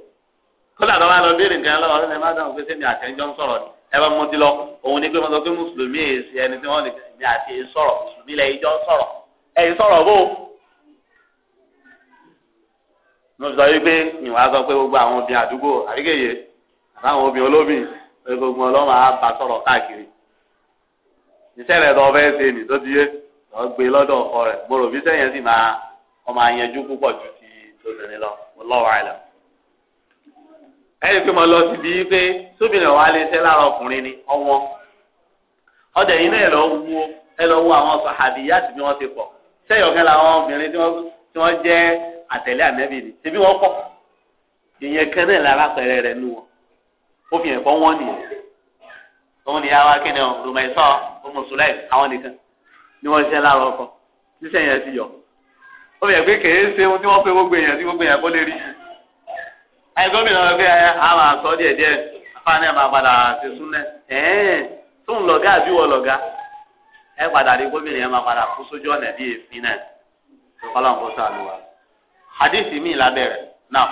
S2: kódà lọ́wọ́ lọ bí ènìyàn lọ́wọ́ ọ̀rẹ́ má dáhùn pé sẹ́mi àtẹnjọ́ ń sọ̀rọ̀ ẹ bá mọ́tí lọ òun ní pé mo sọ pé mùsùlùmí èsì ẹni tí wọ́n lè mi àti èyí sọ̀rọ̀ mùsùlùmí lẹ ìjọ sọ̀rọ̀ ẹ̀yìn sọ̀rọ̀ bó. mo sọ wípé ìwà sọ pé gbogbo àwọn obìnrin àdúgbò àríkèyè àtàwọn obìnrin olóbìnrin pé ọlọ́run á bá sọ̀rọ̀ káàkiri iṣẹ́ rẹ̀ lọ́ọ́ fẹ́ẹ́ ṣe nìtó ti yé lọ́ọ́ gbé lọ́dọ̀ ọkọ rẹ̀ mo rò bí sẹ́yìn sì máa ọmọ àyànjú púpọ̀ ju ti tóbìnrin lọ lọ́wọ́ àìlọ́. ẹ̀yìn pé mo lọ síbi pé tóbìnrin ọ̀wá lè ṣe lára ọkùnrin ni ọwọ́n ọdẹ yìí náà lọ wo ẹ lọ wo àwọn sàhàbíyá tí wọ́n ti pọ̀ sẹ́yọ̀ kan làwọn obìnrin tí wọ́n jẹ́ àtẹ̀lé ànẹ́bì ni ṣebí wọ́n pọ̀ ó fi ẹ̀kọ́ wọ́n nìyẹn òun ni àwa kí ni ọ rùmẹ̀sọ́ ọmọsùlẹ̀ àwọn nìkan ni wọ́n ṣiṣẹ́ láàárọ̀ ọkọ̀ ṣiṣẹ́ yẹn ti yọ ó fi ẹ̀ pé kèé ṣe ohun tí wọ́n pe gbogbo èèyàn tí gbogbo èèyàn kó lè rí ẹ gómìnà wọn pé a máa sọ díẹ̀ díẹ̀ fáwọn ẹ máa padà ṣe súnlẹ̀ ẹ̀ẹ́n tó ń lọ̀gá àbí wọ lọ̀gá ẹ padà rí gómìnà yẹn máa padà kú sójú ọ̀nà bí èéfín náà ọlọ́run kó sáà lù wá. hadith mi lábẹ́rẹ̀ náà.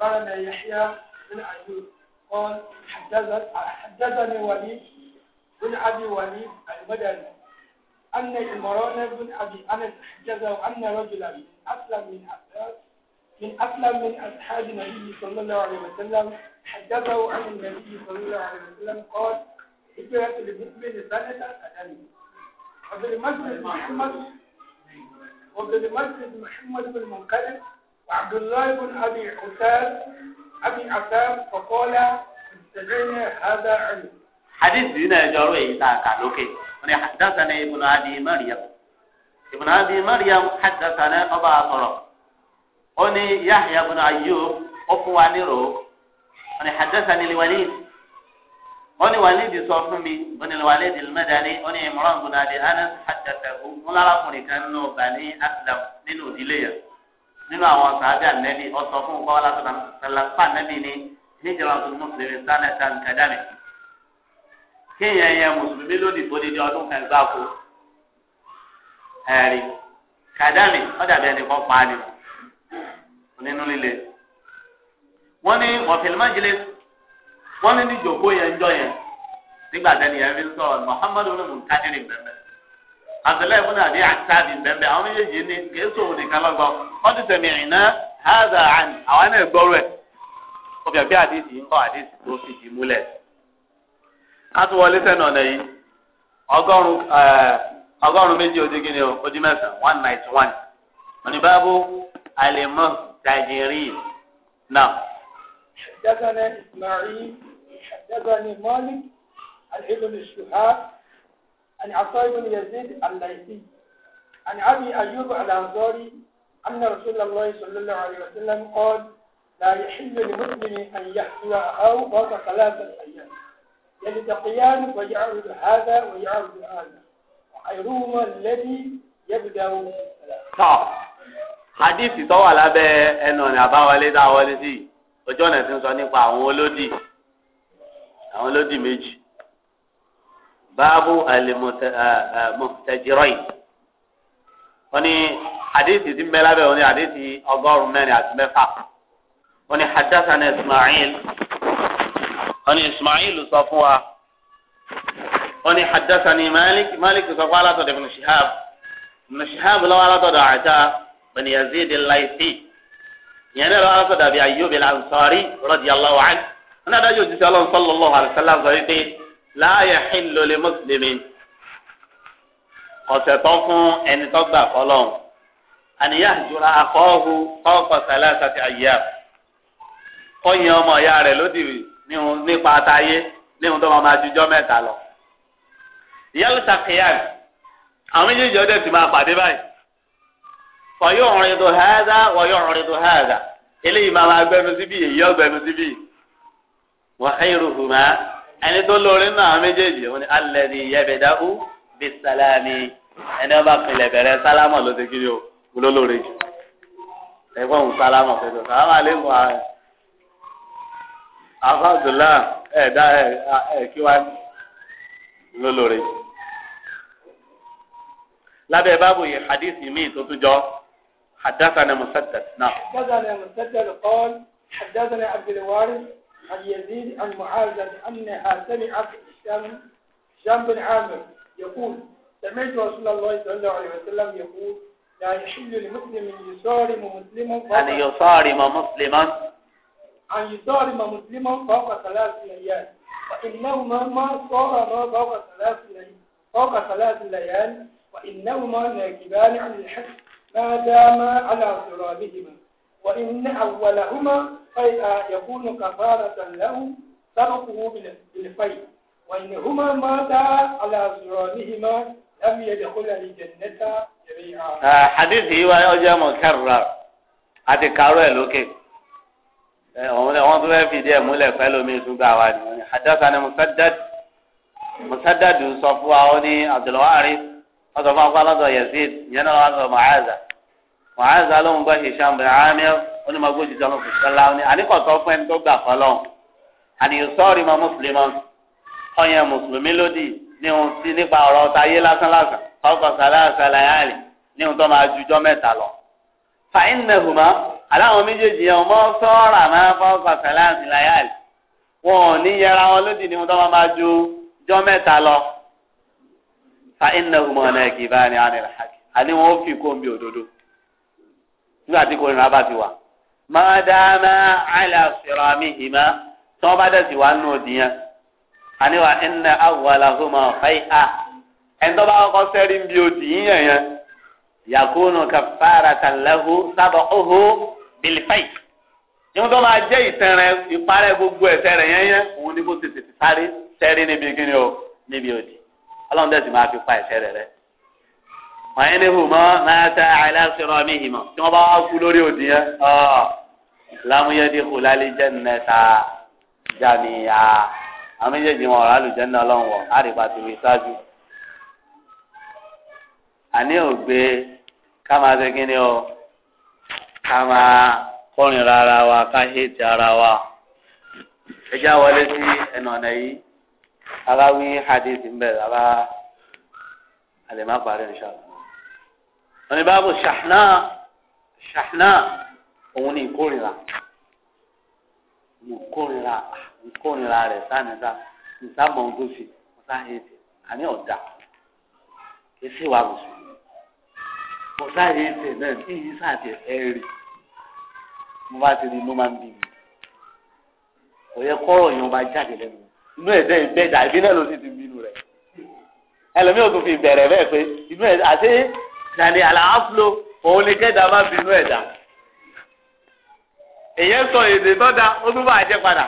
S1: أخبرنا يحيى بن أيوب قال حدثني وليد بن أبي وليد المدني أن عمران بن أبي أنس حدثه أن رجلا من أسلم من أسلم من أسلم من أصحاب النبي صلى الله عليه وسلم حدثه عن النبي صلى الله عليه وسلم قال هجرة المؤمن سنة وفي المسجد محمد وفي المسجد محمد بن منقلب وعبد الله بن أبي عتاب أبي عتاب فقال استمعنا هذا علم
S2: حديث هنا جارو إيتا كالوكي حدثنا ابن أبي مريم ابن أبي مريم حدثنا أبا طرف أني يحيى بن أيوب أفواني رو أني حدثني الوليد أني wàlídìí sọ fún mi wọ́n wàlídìí lùmẹ́dàní wọ́n ìmọ̀ràn bùnà àdé anas hajjatahu ńlá بني أسلم nínú bani nínú àwọn sàábì ànẹ́bí ọ̀sọ̀ fún ọkọ̀ ọ̀làtọ̀nà sàlàfà ànẹ́bí ni níjọba tó mùsùlùmí sánẹ́tà nkàdámì kéèyàn yẹ mùsùlùmí lódì bóde di ọdún kan gbáko ẹ̀rí kàdámì ọ̀dàbí ẹni kọ́ pa ni nínú líle wọ́n ní mọ̀fìlímájìlé wọ́n ní níjòkó yẹn jọ yẹn nígbà tẹ́ni yẹn fi sọ̀rọ̀ Muhammadu ní mùkádìrì bẹ̀rẹ̀ abdullahi ibùdó àbí àtàbí bẹ́ẹ̀ àwọn méjèèjì ní kéésù òun nìkan lọ́gbọ́ wọ́n ti sẹ̀mí ìná hàzà àní àwọn náà gbọ́rọ̀ ẹ̀ ọbẹ̀ bí àdéhìí ń kọ́ àdéhìí tó fi di múlẹ̀. a wọlé sẹ́nu ọ̀nà yìí ọgọ́rùn-ún eh, méjì ó ni o mẹ́sàn one ninety one
S1: عن عطاء بن يزيد الليثي عن أبي أيوب الأنصاري أن رسول الله صلى الله عليه وسلم قال لا يحل لمسلم أن يحسن أخاه فوق ثلاثة أيام يلتقيان ويعرض هذا ويعرض هذا وخيرهما الذي يبدأ hadith حديث wà lábẹ́ ẹnu ọ̀nà àbáwọlé
S2: dáwọlé sí ojú ọ̀nà tí sọ nípa àwọn olódì àwọn olódì méjì باب المهتجرين آه، آه، وني حديث دي ملابه وني حديث اضار ماني اسمفا وني حدثنا اسماعيل وني اسماعيل صفوا وني حدثني مالك مالك صفوا على طريق ابن شهاب ابن شهاب لو على طريق عتا بن يزيد الليثي يعني لو على طريق ابي ايوب الانصاري رضي الله عنه انا دا يوجد الله صلى الله عليه وسلم زيدي láàyè ìlòlè mùsùlùmí ọ̀sẹ̀ tó fún ẹni tó gbà fọlọ́n àníyàn ìjọra akọ́hu kọ́kọ́ sàlẹ́sà ti àyè kọ́yìn ọmọ ìyá rẹ̀ lódì nípa àtàyé níhun tó máa jujọ́ mẹ́ta lọ. ìyálù sàkíyàn àwọn méjèèjì ọdẹ ti máa pàdé báyìí wọ́yọ̀ ọ̀rìn tó hẹ́ẹ́dá wọ́yọ̀ ọ̀rìn hẹ́ẹ́dá eléyìí máa gbẹnu síbí èyí ọ̀gbẹnu síbí wọ́n ẹ̀yìn rúhùn ẹni tó lórí náà àwọn méjèèjì òun ni alẹ́ni yẹbẹ̀dáhù bí sálámì ẹni wọn bá pinlẹ̀ bẹ̀rẹ̀ sálámà ló ti kiri o olólórí jù ẹ̀gbọ́n òun sálámà pẹ̀lú sálámà alẹ́kùn ààrẹ afáàdùlá ẹ̀dá ẹ̀ kí wá olólórí jù. lábẹ́ báàbò yẹ hadithi míì tó tún jọ حدثنا مسدد نعم
S1: حدثنا مسدد قال حدثنا عبد الوارث عن يزيد عن معاذ أنها سمعت شام شام بن عامر يقول سمعت رسول الله صلى الله عليه وسلم يقول لا يحل لمسلم يصارم مسلما أن يصارم
S2: مسلما
S1: أن يصارم مسلما فوق ثلاث ليال وإنهما ما صارما فوق ثلاث ليال فوق ثلاث ليال وإنهما ناكبان عن الحق ما داما على ترابهما وإن أولهما يكون كفارة له تركه بالفي وإنهما ماتا على زرانهما لم يدخلا الجنة جميعا حديث هو أجا مكرر
S2: àti kàró ẹ̀ lókè wọn tún fẹ́ fìdí ẹ̀ múlẹ̀ pẹ̀lú mi ṣúgà wa ni àjọsà ni musadadu sọ fún wa ó ní abdulwari wọn fún wa pé yazid yẹn náà wọn sọ mọ̀áza mọ̀áza ló ń gbọ́ hisham bin amir ó ní magbó jíjọ ló fi sọlá ó ní àníkọ̀tọ́ fún ẹni tó gbà fọlọ́n àníyàn sọ́ọ̀rì mọ́ mùsùlùmí ọ̀yàn mùsùlùmí lódì ní ohun sí nípa ọ̀rọ̀ ọ̀tá ayé lásán lásán ọkọ̀ sàlàsà làyàrì ní ohun tó máa jujọ́ mẹ́ta lọ. fàìnnàhùmá aláwọn méjèèjì yẹn ọmọ sọ́ọ̀rà máa fọ́kọ̀ sàlàsà làyàrì wọn ò ní yẹra wọn lódì ní ohun tó máa ju jọ́ mẹ́ta lọ. fàìnnàhùmá ọ̀nà ẹ̀kì bá ní wọn fi kó omi òdodo nígbà tí kò ní mọ́dáàmá aláṣìírámìhìmá tí wọ́n bá dẹ̀sí wà nù òdìyàn àníwá ẹnna awàlàhùmá fàyà ẹni tó bá kọ́kọ́ sẹ́rí bí òdìyàn yẹn yakunu kafaratan lahu sabahu bilfai ìwọ́n tó máa jẹ́ ìtẹ̀rẹ̀ ìparẹ́ gbogbo ẹ̀ṣẹ̀ rẹ̀ yẹn yẹn òun ni kó tètè sáré sẹ́rí níbi kíni o níbi òdì ọlọ́run dẹ̀sí máa fi pa ẹ̀ṣẹ̀ rẹ̀ rẹ̀ wọ́n ní hùmọ́ máa ta àìláṣọ́rọ́ mi hìmọ́ tí wọ́n bá wá kú lórí òdì yẹn lámúyẹ́dì kù lálẹ́ jẹ́ nẹ́ta jàmíyà àwọn méjèèjì wọn ọ̀rọ̀ àlùjẹ́ náà lọ́wọ́ wọ̀ àríwá ti wí sáájú. àní ògbé ká máa ṣe kíni o ká máa kọrin ara wa ká hétí ara wa. ẹ já sí ẹnu ọ̀nà yìí aláwí hadith ń bẹ̀rẹ̀ alá àlè má parí inshallah wọn ni báàbò ṣàhánà ṣàhánà òun ni ìkórìíra mo kórìíra mo kórìíra rẹ̀ sánidá nsámọ̀ ohun tó ṣe mo sáyé tẹ̀ àní ọ̀dà kì í sì wà lùsùn mo sáyé tẹ̀ náà kí yìí sàtẹ̀ ẹ̀ rí mo bá ti rí inú máa ń bí mi kò yẹ kọ́rọ̀ yẹn ọba jáde lẹ́nu inú ẹ̀ dẹ́ ìbẹ́jà ló sì ti bínú rẹ̀ ẹlòmíràn tó fi bẹ̀rẹ̀ bẹ́ẹ̀ pé inú ẹ̀ àti yàní àlàáfúlò òun ni kẹ́dà má bínú ẹ̀dá èyẹ sọ èdè tọ́da ó tún bá jẹ padà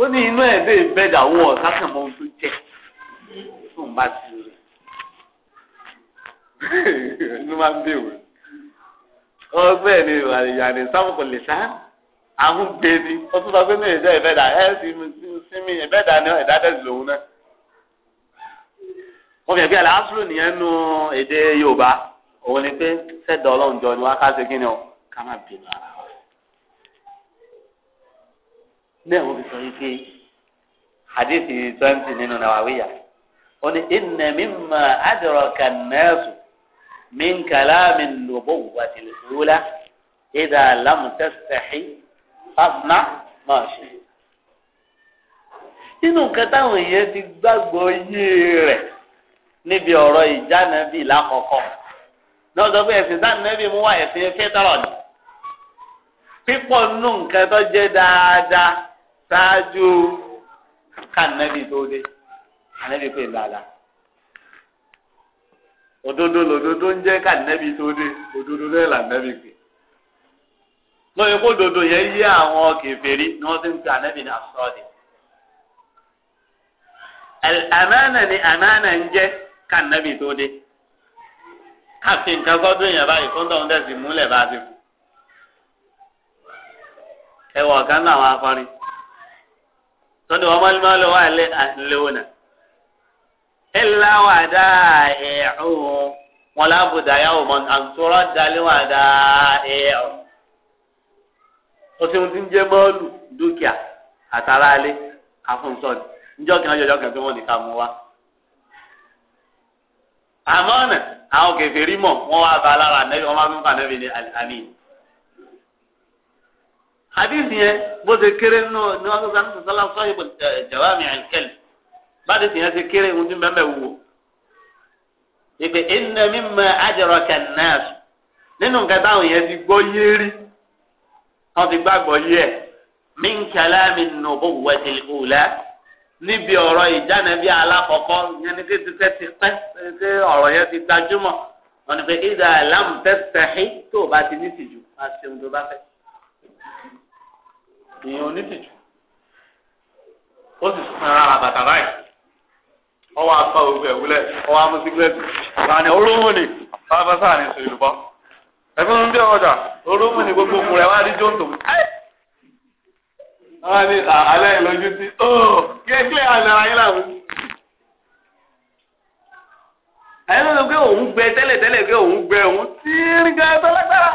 S2: ó ní inú ẹ̀dẹ́ ìbẹ́dà wọ ọ̀sákàn mọ́ ohun tó jẹ tó ń bá ti rẹ̀ inú máa ń bèwò ọgbẹ́ ni ìyàní sábùkù lè sá àwọn gbé ni ó tún sọ pé ní ìdá ìbẹ́dà ẹ̀ sì sinmi ìbẹ́dà ni ẹ̀dá tẹ̀sí lòun náà wọ́n fi ẹ̀ bí nìyẹn nu èdè Yorùbá òun ni pé sẹ́dọ̀ ọlọ́run jọ ni wọ́n á ká ṣe kí ni o ká má bínú ara wa. bẹ́ẹ̀ wọ́n fi sọ yìí pé hadithi twenty nínú nàwáwíyà ó ní inna mimma adraka an-nasu min kalami an-nubuwwati al-ula idha lam tastahi fasna ma shi'ta nínú nǹkan táwọn èèyàn ti gbàgbọ́ yé rẹ̀ níbi ọ̀rọ̀ ìjánabi lákọ̀ọ́kọ́ lọ́sọ̀ pé ẹ̀sìn dáhùn nẹ́bí mú wá ẹ̀sìn fẹ́tọ̀rọ̀ ni pípọ̀ nù nǹkan tó jẹ́ dáadáa ṣáájú kànẹ́bí tó dé kànẹ́bí pè dáadáa òdodo lòdodo ń jẹ́ kànẹ́bí tó dé òdodo lẹ́yìn lànẹ́bí pè lóye kó dodo yẹn yé àwọn kèfèrí ni wọ́n ti ń pè ànẹ́bí ní asọ́ọ̀dì àmánà ni àmánà ń jẹ́ kànẹ́bí tó dé káfí nǹkan gbọ́dọ̀ yẹn báyìí kó ń tọ̀hún tẹ̀sí múlẹ̀ bá a ti kú. ẹ wọ ọ̀kan náà wọn akọrin tọ́ni wọn mọ́lẹ́mọ́ ló wà lé àlẹ́wọ̀nà. ẹ láwọn àdá ẹ̀ẹ́hún wọn lábùdá yàwó mọ́ àtúrọ̀ dalẹ́ wọn àdá ẹ̀ẹ́hún. ó ti ń ti ń jẹ́ bọ́ọ̀lù dúkìá àtàrà alẹ́ àfúnsọ́ọ̀dì níjọ́ kan jọjọ́ kan tí wọ́n ní ká mú wa. àmọ́ náà àwọn kèfèrí mọ̀ wọ́n wá ba lára nẹ́bí wọ́n máa ń fa nẹ́bí ní àmì. hadith yẹn bó ṣe kéré nínú ní wọn sọ sọ sọlá sọyìn bò jawami alkel báde tìyẹn ṣe kéré ohun tí mẹ́mẹ́ wò. ìpè inna mimma adraka an nínú nǹkan táwọn yẹn ti gbọ́ yéérí wọ́n ti gbàgbọ́ yé ẹ̀ min kalami an-nubuwwati al-ula níbi ọ̀rọ̀ ìjánẹ̀bí alákọ̀ọ́kọ́ yẹn ni kéde tẹ́tí pẹ́ ṣe ọ̀rọ̀ yẹn ti gbajúmọ̀ wọn ni pé ìdá ìlàmù tẹ́tẹ̀hí tó o bá ti ní tìjú má ṣe ohun tó bá fẹ́. ìyẹn ò ní tìjú ó sì sún ara bàtà báyìí ọwọ́ afọ gbogbo ẹ̀ wúlẹ̀ ọwọ́ amúsígbẹ́sì sani olóhùn ni bàbá sáà ni sọ ìlú bọ́ ẹ̀fọn ń bí ọjà olóhùn ni gbogbo òkú rẹ̀ wá rí jóńtò
S1: wọ́n ní alẹ́ ìlójú sí ọ́
S2: kílẹ̀ àlàra yín làwọn. àyẹ̀ ló sọ pé òun gbẹ tẹ́lẹ̀tẹ́lẹ̀ pé òun gbẹ òun tí ń ga ẹ̀tọ́ lágbára.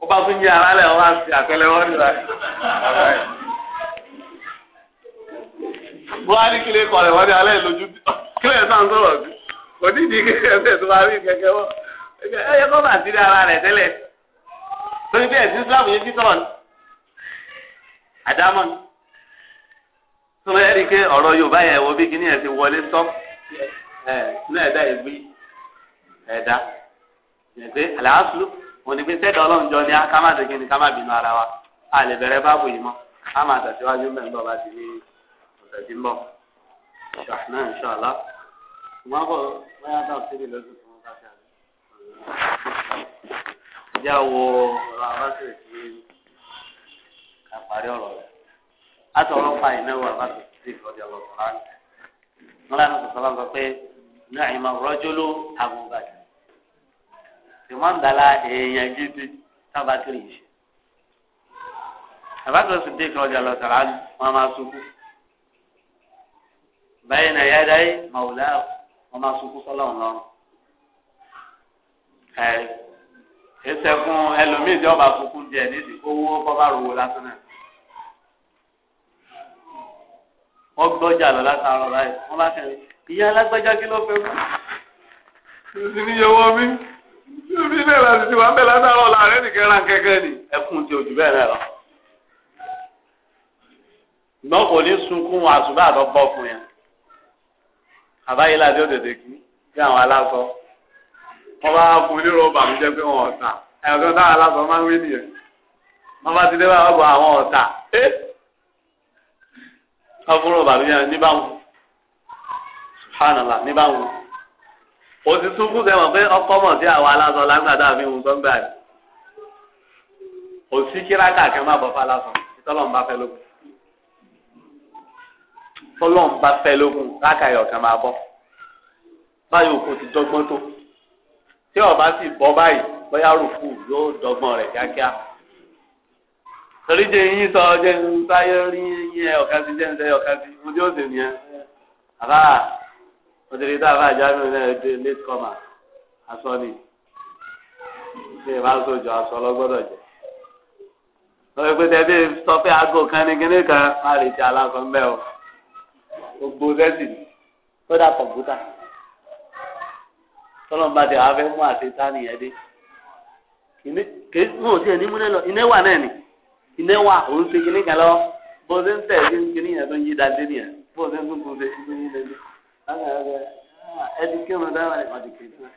S2: ó bá tún yí ara lẹ̀ wọ́n á fi àtẹ́lẹwọ́ nígbà yìí. wọ́n á ní kílẹ̀ kọlẹ̀ wọ́n ní alẹ́ ìlójú sí ọ́ kílẹ̀ sáà ń sọ̀rọ̀ sí kò ní ìdí kẹ̀kẹ́ tó máa rí kẹ̀kẹ́ wọ́n ẹ̀yẹ kọ́ bàtí ara rẹ̀ tẹ́lẹ̀ torí bí ẹ̀sìn Islam yẹn ti sọ̀rọ̀ àdámọ́ ni tó bá yẹ kí ọ̀rọ̀ Yorùbá yẹ wo bí kíní ẹ̀ ti wọlé tọ́ ẹ̀ ní ẹ̀dá ìgbé ẹ̀dá ìyẹ̀pẹ́ àlàáfíà wọn ni pé sẹ́dọ̀ ọlọ́run jọ ni ká má segin ni ká má bínú ara wa a lè bẹ̀rẹ̀ báàbò yìí mọ́ a máa tẹ̀síwájú mẹ́ńbọ̀ bá ti ní ọ̀sẹ̀ tí ń bọ̀ ṣàfihàn ìṣọ̀lá ṣùgbọ́n bọ̀ báyà bá òṣèlú lọ́sùn fún wọn ká ṣe àná. ìjà wo ọ̀rọ̀ àbáṣe ti àparí ọ̀rọ̀ rẹ̀ àtọ̀rọ̀ fa ìnáwó àbáṣe sí ìfọ̀dí ọlọ́sọ̀ láti nílá ní sọ̀sọ́lá sọ pé ní àyìnbá rọ́jòló àbúgbàdì ìmọ̀ ń dàlá èèyàn gidi tábà kiri yìí àbáṣe sí ìfọ̀dí ọlọ́sọ̀ láti ma máa sunkún ìṣẹ́gun ẹlòmíì tí ọba kúkú jẹ nídìí owó kọ́ba rówó lásán náà. wọ́n gbọ́jà lọ látàárọ̀ báyìí wọ́n bá kẹ́rin ìyá alágbájá kí ló fẹ́ mú. èsì ni yẹwọ́ mi níbi ilé ìlànà ti wà ń bẹ̀ látàárọ̀ láàrin nìkan ra kẹ́kẹ́ ni ẹkùn ti òjò bẹ́ẹ̀ náà lọ. ìgbọ́n kò ní sunkún àtúbà àtọ́ bọ́ fún yẹn. àbáyé làdé òdòdó kí bí àwọn aláṣọ wọ́n bá fún un nírò bàmí pé wọ́n ọ̀tà ẹ̀yọ̀kan táwọn aláṣọ máa ń wí nìyẹn wọ́n bá ti dé bá wọ́n àwọn ọ̀tà ẹ́ wọ́n fún un bàmí níbàwọ̀n subhanallah níbàwọ̀n òsì sunkún sẹ́wọ̀n pé ọkọ mọ̀ sí àwọn aláṣọ lágbàdo àfi ń sọ ń gbà òsì kíráàkà kan má bọ̀ fáláṣọ ìtọ́lọ́mù fẹ́ lókun tọ́lọ́mù fẹ́ lókun rákàyọ̀ kan má bọ̀ báyìí òkú ti dọ́gbọ́n tó tí ọba sì bọ́ báyìí bóyá rùkú yóò dọ́gbọ́n rẹ̀ kíákíá torí jẹ yín sọ jẹ ń sáyé rí yín ẹ ọ̀ka sí jẹ ń sẹ́yìn ọ̀ka sí mo tí ó sì nìyẹn àbá òtítí tá a bá jáde ní ẹgbẹ́ late comer aṣọ ni ṣé ìbá sojọ aṣọ lọ́gbọ́dọ̀ jẹ lọ́wọ́ pé tẹ́bí sọ pé aago kan ní kíní kan má lè ti aláǹfọ̀ ń o gbogbo sẹ́sì ni kódà kọ̀ǹpútà tọ́lọ́n bá ti àwọn afẹ́ mú àti tání yẹn dé wọn ò tiẹ̀ ní múlẹ̀ lọ iná wà náà ni iná wà òun ṣe kíní kan lọ bó ṣe ń tẹ̀ sí kíní yẹn tó ń yí dáadé nìyẹn bó ṣe ń tún tún ṣe tó ń yí dáadé ah, ẹni kí wọn dára ẹ ọdún kejì náà.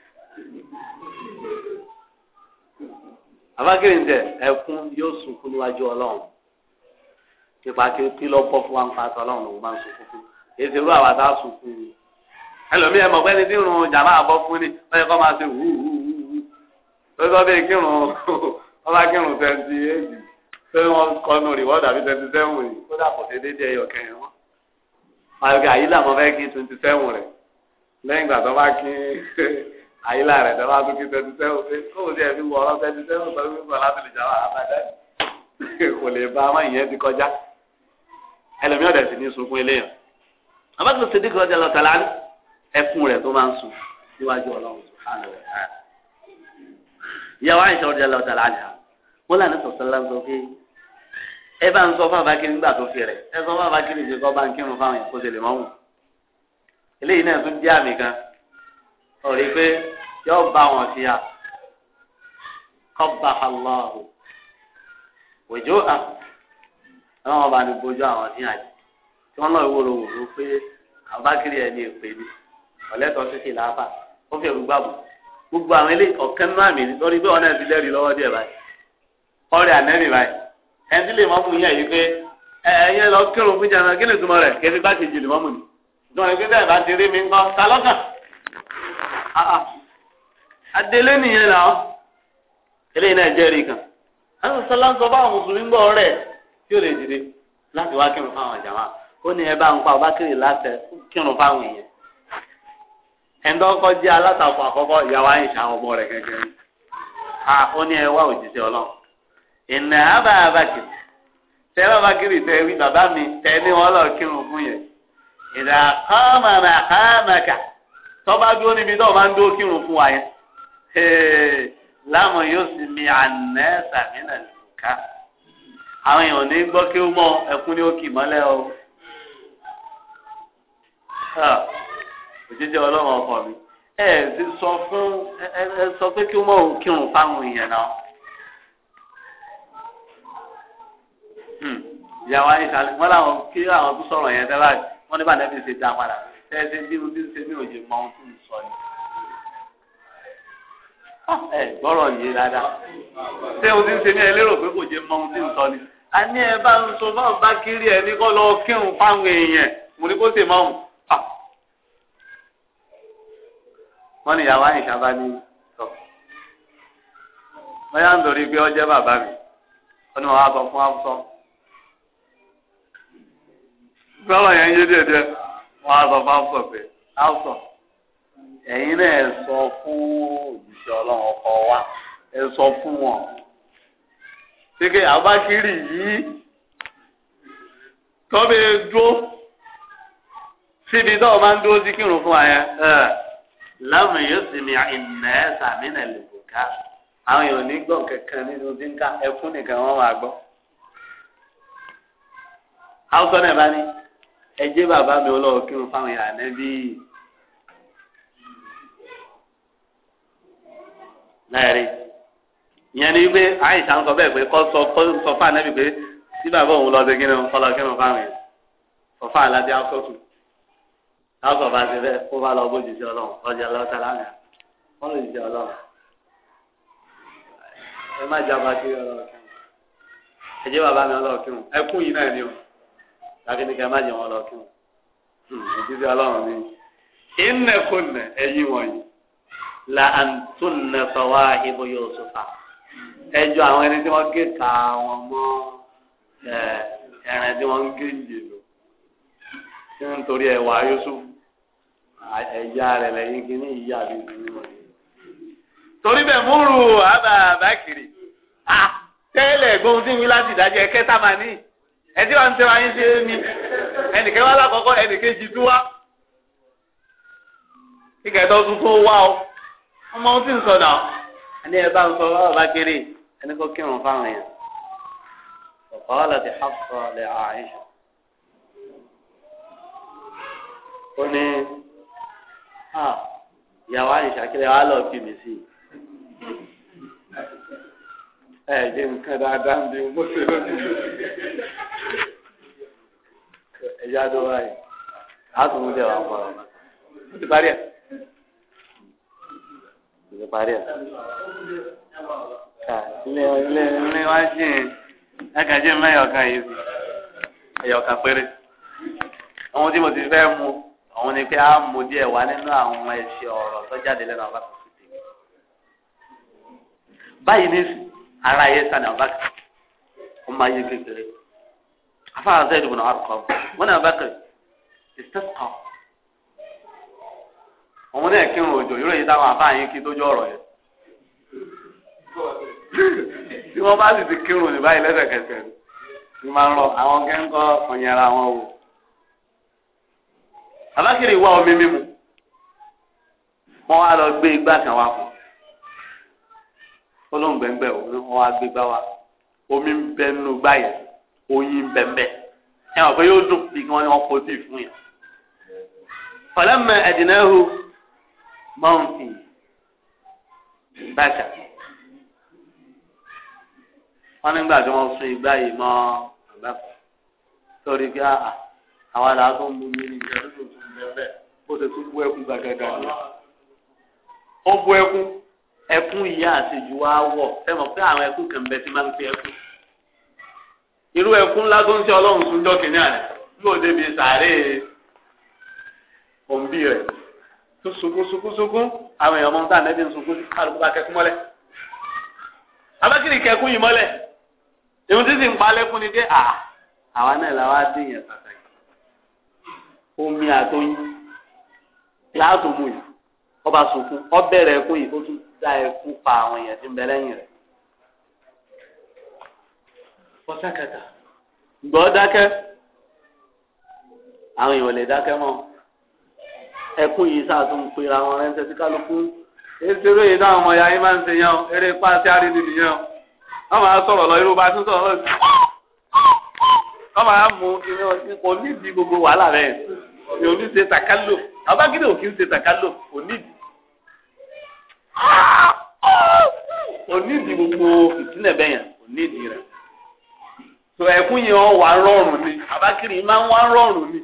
S2: àbákẹ́rẹ́ ń tẹ ẹkún yóò sunkún níwájú ọlọ́run nípa kí lọ́ọ́ bọ́ fún wa ń fa àtọ́ ọlọ́run lòún máa ń sunkún fún èsì irú àwọn àtà sunkún yìí ẹlòmí ẹ mọ̀ pé ẹni tí irun jàmá bọ́ fún ni wọ́n yẹ kó máa ṣe wúwúwú lọ́sọ̀ bí kírun wọ́n bá kírun twenty eight pé wọ́n kọ́nu reward àbí twenty seven rẹ̀ kó dàpọ̀ sí dédé ẹyọ kẹrin wọn. àyọkẹ́ àyílà mo fẹ́ kí twenty seven rẹ̀ lẹ́yìn ìgbà tó bá kí àyílà rẹ̀ tó bá tún kí twenty seven pé kóò sí ẹbí wọ ọ́ twenty seven tó ń sọ láti lè jàmá àbájá kò lè bá ọmọ ìyẹn ti kọjá ẹlòmí ọ̀dẹ̀ sì ní sunkún eléyàn. àbákùn sídìkì ọjà lọ tẹ̀lé ẹkún rẹ̀ tó máa ń sùn níwájú ọlọ́run sùhánù rẹ̀ ká. ìyàwó àìsàn ọdẹ lọ́tà lánàá wọn lànà sọ̀tàn lánàá sọ pé ẹ bá ń sọ fún abakiri nígbà tó fi rẹ̀ ẹ sọ fún abakiri ìṣe kọ́ bá ń kírun fáwọn èèyàn kó tẹ̀lé mọ́mù. eléyìí náà tún jẹ́ àmì kan ọ̀rẹ́ pé yóò bá wọn fi hà qabaha allah wojo a àwọn ọba ni bojú àwọn ní àjẹ tí wọn lọ wúro wúro pé abákiri ẹ èpè ni ọ̀lẹ́tọ̀ títí làáfà ó fi ẹ̀rù gbàgbọ́ gbogbo àwọn ilé ọ̀kẹ́ nínú àmì lórí pé ọ̀nà ti lọ́wọ́ díẹ̀ báyìí ọ̀rẹ́ ànẹ́rì báyìí ẹni lè mọ́ yẹn yìí pé ẹ̀yẹ lọ kírun fún jẹun kí ni ìtumọ̀ rẹ̀ kí ni bá ti jìnnì ni bá ti rí mi ń kọ́ ah, ah. kan ń sọ fáwọn mùsùlùmí gbọ́ ẹnitọ́ kọ́ jẹ́ alátakò àkọ́kọ́ ìyàwó àyíṣà ọmọ rẹ̀ gẹ́gẹ́ a ó ní ẹwà òjíṣẹ́ ọlọ́run ìnà àbá abakiri tẹ bàbá kiri tẹ wí bàbá mi tẹ ní wọn lọ kírun fún yẹn ìdá tọ́ba dúró níbi tó o máa ń dúró fún wa yẹn láàmú yóò sì mi àná sàmínà lùkà àwọn èèyàn ní gbọ́ kí ó mọ ẹkún ní ó kì mọ́lẹ́ o. òjijì ọlọ́run ọkọ mi ẹ ti sọ fún ẹ ẹ sọ pé kí wọ́n kírun fáwọn èèyàn náà. Hmm. ìyàwó ayé sàlẹ̀ wọ́n làwọn kí àwọn tó sọ̀rọ̀ yẹn tẹ́lá wọ́n ní bàtẹ́ fi ṣe dá padà tẹ́sí bí mo ti ń ṣe ní òye mọ ohun tó ń sọ ni. Ah, ẹ gbọ́rọ̀ yìí dáadáa ṣé o ti ń ṣe ní ẹ lérò pé kò jẹ́ mọ ohun tó ń sọ ni. a ní ẹ bá ń sọ fáwọn bá kiri ẹ ní kọ́ lọ kírun fáwọn èèyàn mo ní kó ṣe mọ́ ohun. wọ́n ní ìyàwó àyìnká bá ní sọ wọ́n yá ń dorí pé ọjẹ́ bàbá mi wọ́n ní wọ́n á fún afúsọ sọlọ yẹn yé díẹ̀ díẹ̀ wọ́n fún
S1: afúsọ pé afúsọ ẹ̀yin náà sọ fún òjìṣẹ́ Ọlọ́run ọkọ
S2: wa ẹ sọ fún wọn kéke abákiri yìí tọ́bẹ̀ dúró síbi tó o máa ń dúró sí kírun fún wa yẹn lámì yóò sì mi ìnà ẹ sàmínà lùbùkà àwọn èèyàn ní gbọ̀n kankan nínú dínkà ẹkún nìkan wọ́n máa gbọ́. àwọn sọ́nà ẹ̀ bá ní ẹjẹ́ bàbá mi ọlọ́wọ́ kí n fáwọn èèyàn nẹ́bí. láàrin ìyẹn ni pé àìsàn ń sọ bẹ́ẹ̀ pé kọ́ sọ kọ́ sọ fáwọn nẹ́bí pé tí bàbá òun lọ sí kí ni kọ́ lọ kí ni fáwọn èèyàn sọ fáwọn aládé akọ́tù káfọ̀ bá ti bẹ́ẹ̀ kó bá lọ bójú sí ọlọ́run ọjà lọ́tà lánàá wọ́n lè jẹ ọlọ́run ẹ má jábá sí ọlọ́run ẹ jẹ́ bàbá mi ọlọ́run kírun ẹ kú yìí náà ni o lákìníkà má jẹ wọn lọ kírun ìdíje hmm, ọlọ́run ni ìnẹkùnẹ ẹ̀yin wọ̀nyí la àǹtúnẹ ibo yóò sọfà ẹjọ́ àwọn ẹni tí wọ́n gé ka wọn mọ́ ẹ̀rìn tí wọ́n gé ń jèlò tí wọ́n torí ẹ̀wà Yusuf ẹ̀yà rẹ̀ lẹ́yìn kí ní ìyá mi ti ní wọn. torí bẹ́ẹ̀ mú rù àbá àbákiri tẹ́lẹ̀ gbóhùn tí mi láti ìdájọ́ ẹ̀kẹ́ta máa ní ẹtí wa ń tẹ́wọ́ ayé ṣe é mi ẹnìkan wá lákọ̀ọ́kọ́ ẹnìkejì tó wá kíkẹ́tọ́ tuntun wá o ọmọ ohun tí ń sọ náà ẹni ẹ bá ń sọ ọ bá kéré ẹni kò kírun fáwọn èèyàn ọ̀pọ̀ ọ̀làdì hafsa lè àìṣà ó ní ìyàwó àyíṣàkiri wa lọ fi mi sí ẹ jẹ nǹkan dáadáa ń bí mo ṣe lónìí ẹ yá wáyé a tún múlẹ̀ wà pọ̀ ọ̀nà ó ti parí ẹ̀ ó ti parí ẹ̀
S1: ilé ilé ilé wá sí
S2: ẹ jẹ́ mẹ́yọ̀kan yìí ẹ̀yọ̀kan péré ohun tí mo ti fẹ́ mu òun ni pé a mú díẹ̀ wá nínú àwọn ẹ̀ṣẹ̀ ọ̀rọ̀ tó jáde lẹ́nu ọba tó ti dé báyìí ní ara yẹ sani ọba ó máa yé kékeré afáàrà sẹ́yìn ìdìbò náà kọ́ wọn náà bá kiri ìsẹ́kọ̀ òun náà kírun òjò yóò yí táwọn afáà yín kí tó jọ ọ̀rọ̀ yẹn tí wọ́n bá sì ti kírun ní báyìí lẹ́sẹ̀kẹsẹ̀ ni máa ń rọ àwọn kẹ́ńkọ́ ọ̀yẹ́ra wọn wò alákìrì wá omi mímu wọn wá lọ gbé igbá kan wá fún olóńgbẹ̀ngbẹ̀ wọn wá gbé igbá wá omi ń bẹ nínú igbá yẹn oyin ń bẹ ń bẹ ẹ wọ́n fẹ́ yóò dùn bí wọ́n ní wọ́n kó bí fún yẹn. ọ̀lẹ́mọ̀ ẹ̀dínẹ́hù mọ́ǹfì bàtà wọ́n nígbà tí wọ́n sun igbá yìí mọ́ àgbàkọ́ torí pé àà àwọn àlàá tó ń bu mi ní ìjọba tó tún bẹ́ẹ̀ bó ṣe tún bú ẹkún gbàgàdà ni. ó bú ẹkún ẹkún ìyá àtijọ́ wa wọ̀ ẹ mọ̀ pé àwọn ẹkún kan bẹ tí máa ń fi ẹkún. irú ẹkún ńlá tó ń ṣe ọlọ́run sún jọ́ kìnìún àná yóò débi sàárè òǹbí rẹ̀ tó sunkún sunkún sunkún àwọn èèyàn máa ń tà nẹ́bí sunkún àlùkò bá kẹkún mọ́lẹ̀. abákìrì kẹkún yìí mọ́lẹ̀ èmi tí sì ń palẹ́kún ni dé àwa náà làwa dé yẹn pàtàkì omi àtọyìn láàtò mu yìí ọba sunkún ọbẹ̀rẹ̀ ẹkún yìí ó tún dá ẹkún pa àwọn èèyàn tí ń bẹ lẹ́yìn rẹ̀. pọ́sákàtà gbọ́ dákẹ́ àwọn èèyàn lè dákẹ́ mọ́ ẹkún yìí sàtún pera wọn rẹ́ńtẹ́ sí kálukú ètùrú yìí táwọn ọmọ ya yín máa ń ṣe yẹn o eré pàṣẹ àrídì nìyẹn o wọ́n máa sọ̀rọ̀ lọ irú bá tún sọ̀rọ̀ lọ wọ́n máa mú kí ni kò ní ìdí gbogbo wàhálà rẹ̀ mi ò ní ṣe takalo abágídé ò kí ń ṣe takalo onídìí onídìí ah! gbogbo ìtìlẹ̀ bẹ́yàn onídìí rẹ̀ tó ẹkún yẹn wọn wà rọrùn ni abákiri máa ń wà rọrùn ni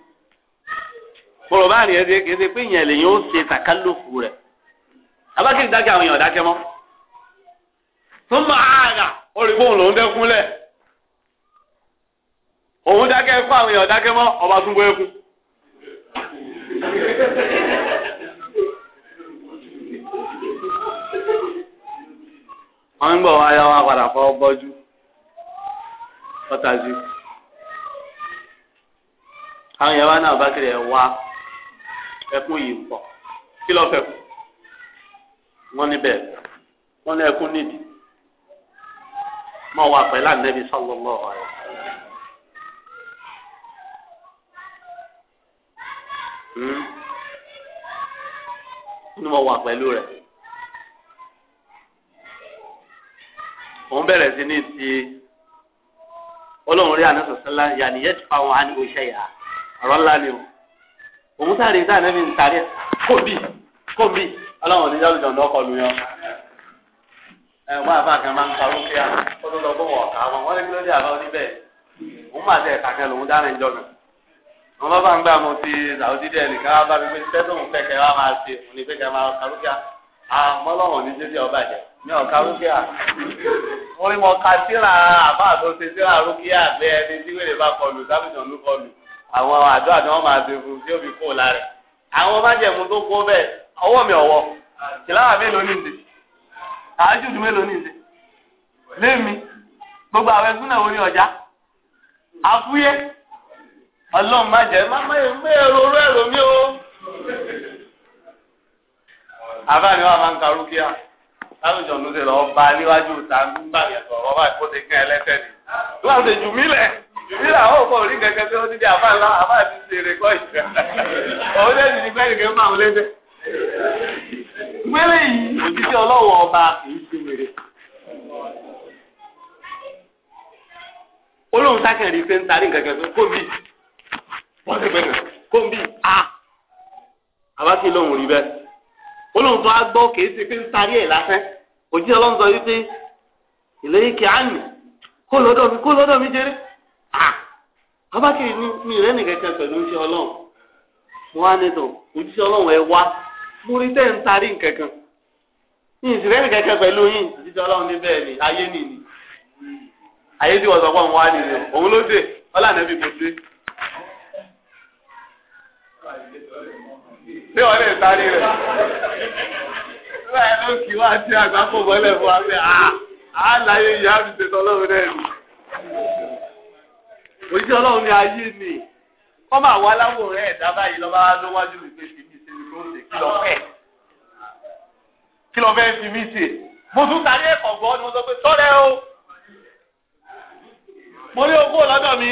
S2: kọlọ bá rìn ẹsẹ kéde pé ìyẹn lèyìn ó ṣe takalo fún rẹ̀ abákiri dákẹ́ àwọn èèyàn dákẹ́ mọ́ tó máa rà orí bóun lòún dẹ́kunlẹ̀ òun dákẹ́ fún àwọn èèyàn dákẹ́ mọ́ ọba tún bọ́ ẹkún. wọ́n ń gbọ́ wá yọ ọtazi padà fọ́ bọ́jú fọ́tàzí. àwọn yẹn wá náà bá kiri wá ẹkún yìí pọ̀ kí lọ́ọ́ fẹ́ wọ́n níbẹ̀ wọ́n ní ẹkún nínú hmm? mo wà pẹ̀lú rẹ̀ òun bẹ̀rẹ̀ sí ní ti ọlọ́run rí àná sọ̀sọ́lá yàní yẹ́tì fáwọn àníwò iṣẹ́ yà ọ̀rọ̀ ńlá ni o òun sáré sáà nẹ́bí ń tarí ẹ̀ kò ọlọ́run oníjà lójọ́ ní ọkọ̀ lóyún ẹ wọ́n àbá kan máa ń parọ́ kí á kó tó lọ bó ọ̀ká wọn kí ló dé àbá oníbẹ̀ òun máa ẹ̀ka kan lòún dáná ìjọ náà. wọn bá bá ń gbà mo ti sàwùjí dẹ nìkan bá mi pé tẹ́tù ń fẹ́ kẹ́ máa ṣe òun ni pé máa kàrúkẹ́ àmọ́ ní jẹ́jẹ́ ọba jẹ mi ò kàrúkẹ́ à mo ka síra àbá tó ṣe síra rúkìá bẹ́ ẹni tí wèrè bá kọlù sábìtàn ló kọlù àwọn àdó àdó wọn máa ṣe fún tí ó fi kó lára àwọn májẹ̀mú tó kó bẹ́ẹ̀ ọwọ́ mi ọ̀wọ́ ìlànà mélòó ní ìdè àájùdù mélòó ní ìdè lémi gbogbo àwọn ẹgbẹ́ ọlọ́run má jẹ́ má má ẹ̀rọ orú ẹ̀rọ mi o. àbá ni wọn máa ń ka rúkìá láwùjọ ló ṣe lọ́ọ́ ba níwájú ta nígbà yẹn sọ̀rọ̀ báyìí kó ti kẹ́ ẹlẹ́tẹ̀ ni. jù mí lẹ̀ di àbá ńlá àbá ti kọ́ ìṣẹ́. òun ní máa ń ọba ṣe wèrè. olóhùn sákẹ̀rì ṣe ń tarí nǹkan wọ́n ti gbẹ̀gàn kóńbì a abákí lóhùn rí bẹ́ẹ̀ olóhùn tó gbọ́ kìí ṣe pé ń ẹ̀ òjì ọlọ́run sọ wípé mi kó lọ́dọ̀ mi jẹ́rẹ́ a mi rẹ́ nìkan kan pẹ̀lú iṣẹ́ ọlọ́run mo wá ní tàn òjì ọlọ́run ẹ wá mo rí tẹ́ ń nǹkan kan nìkan kan pẹ̀lú yín òjì
S1: ṣé wọn lè sáré rẹ báyìí ló kí wá sí àgbákò mọ́lẹ̀ fún wa pé àá láyé ìyá mi ṣe tọ́lọ́run náà ni
S2: òjijì ọlọ́run ni ayé ni wọ́n máa wá láwòrán ẹ̀dá báyìí lọ́ba lọ́wájú mi pé fi mí ṣe ni kò ṣe kí lọ fẹ́ kí lọ fẹ́ fi mí ṣe mo tún ta ní ẹ̀kọ́ gbọ́ ni mo sọ pé sọ́rẹ́ o mo ní ogún ọ̀lọ́dọ̀ mi.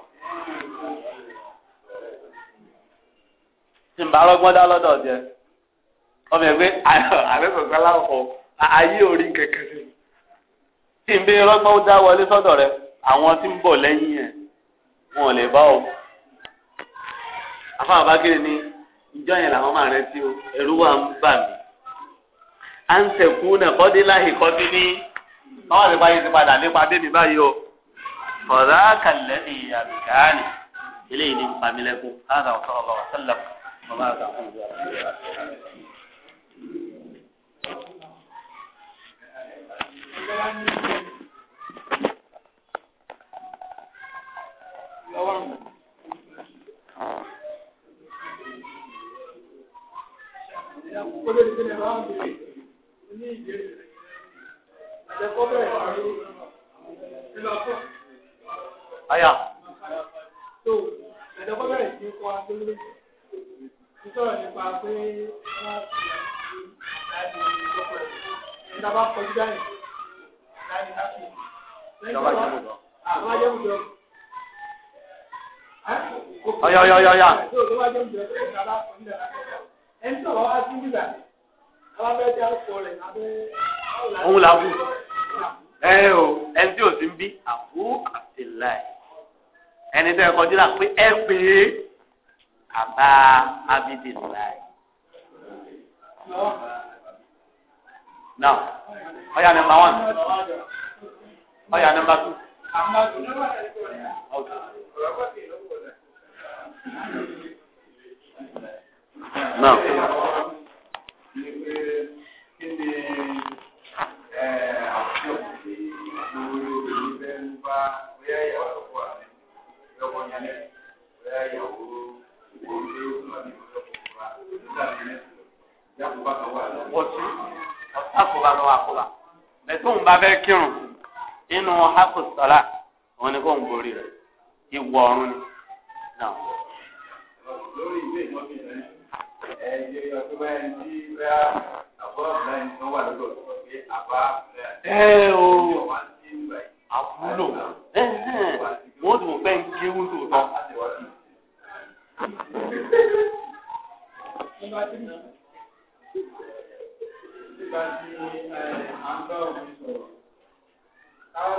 S2: tí n bá rọgbọ́n dá lọ́dọ̀ jẹ ọmọ ẹgbẹ́ àbẹ́fẹ̀fẹ́ aláwọ̀ ayé orí kẹ̀kẹ́ sí tí n bí rọgbọ́n dá wọlé sọ́dọ̀ rẹ àwọn tí ń bọ̀ lẹ́yìn ẹ̀ wọn ò lè bá o afáwọn abákiri ni ìjọ yẹn làwọn máa rántí o ẹ̀rù wa ń bà mí à ń tẹ̀kú náà láì kọ́dé ní báwọn àti báyìí ti padà nípa dé mi báyìí o ọ̀rá kàlẹ́ ni àbíkáàní eléyìí ni ń pa mí lẹ́kọ̀ọ́ láàrín ọ̀sán ọ̀lọ́wọ́
S3: Aya.
S1: So, ẹ̀dọ́gbọ́n bẹ̀rẹ̀ sí kọ́ agbẹ́lẹ́gbẹ̀rẹ̀ sísọ̀rọ̀ nípa pé wọ́n fi àdáyé lọ́pọ̀ ẹ̀ nígbà bá kọjú dáhìn àdáyé láti
S2: lẹ́yìn tó wá àwọn ajẹ́wùjọ.
S1: ọ̀yà ọ̀yà ọ̀yà ọ̀yà. ẹni sọ̀rọ̀ wá sí nígbà alábẹ́jẹ́ àkọ́ rẹ̀ abẹ́. òun làwù ẹ o
S2: ẹni tí o ti ń bí àbú àtìláì ẹni tẹ́ ẹ kọjú là pé ẹ pè é àbá abidin láì. Now, ọ̀yà nọmba one, ọ̀yà nọmba two.
S1: Okay. Thank you
S2: ọtí àkóbá lọ́wọ́ àkóbá bẹ̀tún bá fẹ́ kírun nínú àkùsọ̀lá ni
S1: ẹ o àbúrò wọ́n tún fẹ́ ń kéwú tó tán nígbà tí mo nígbà tí à ń bá òun sọ̀rọ̀.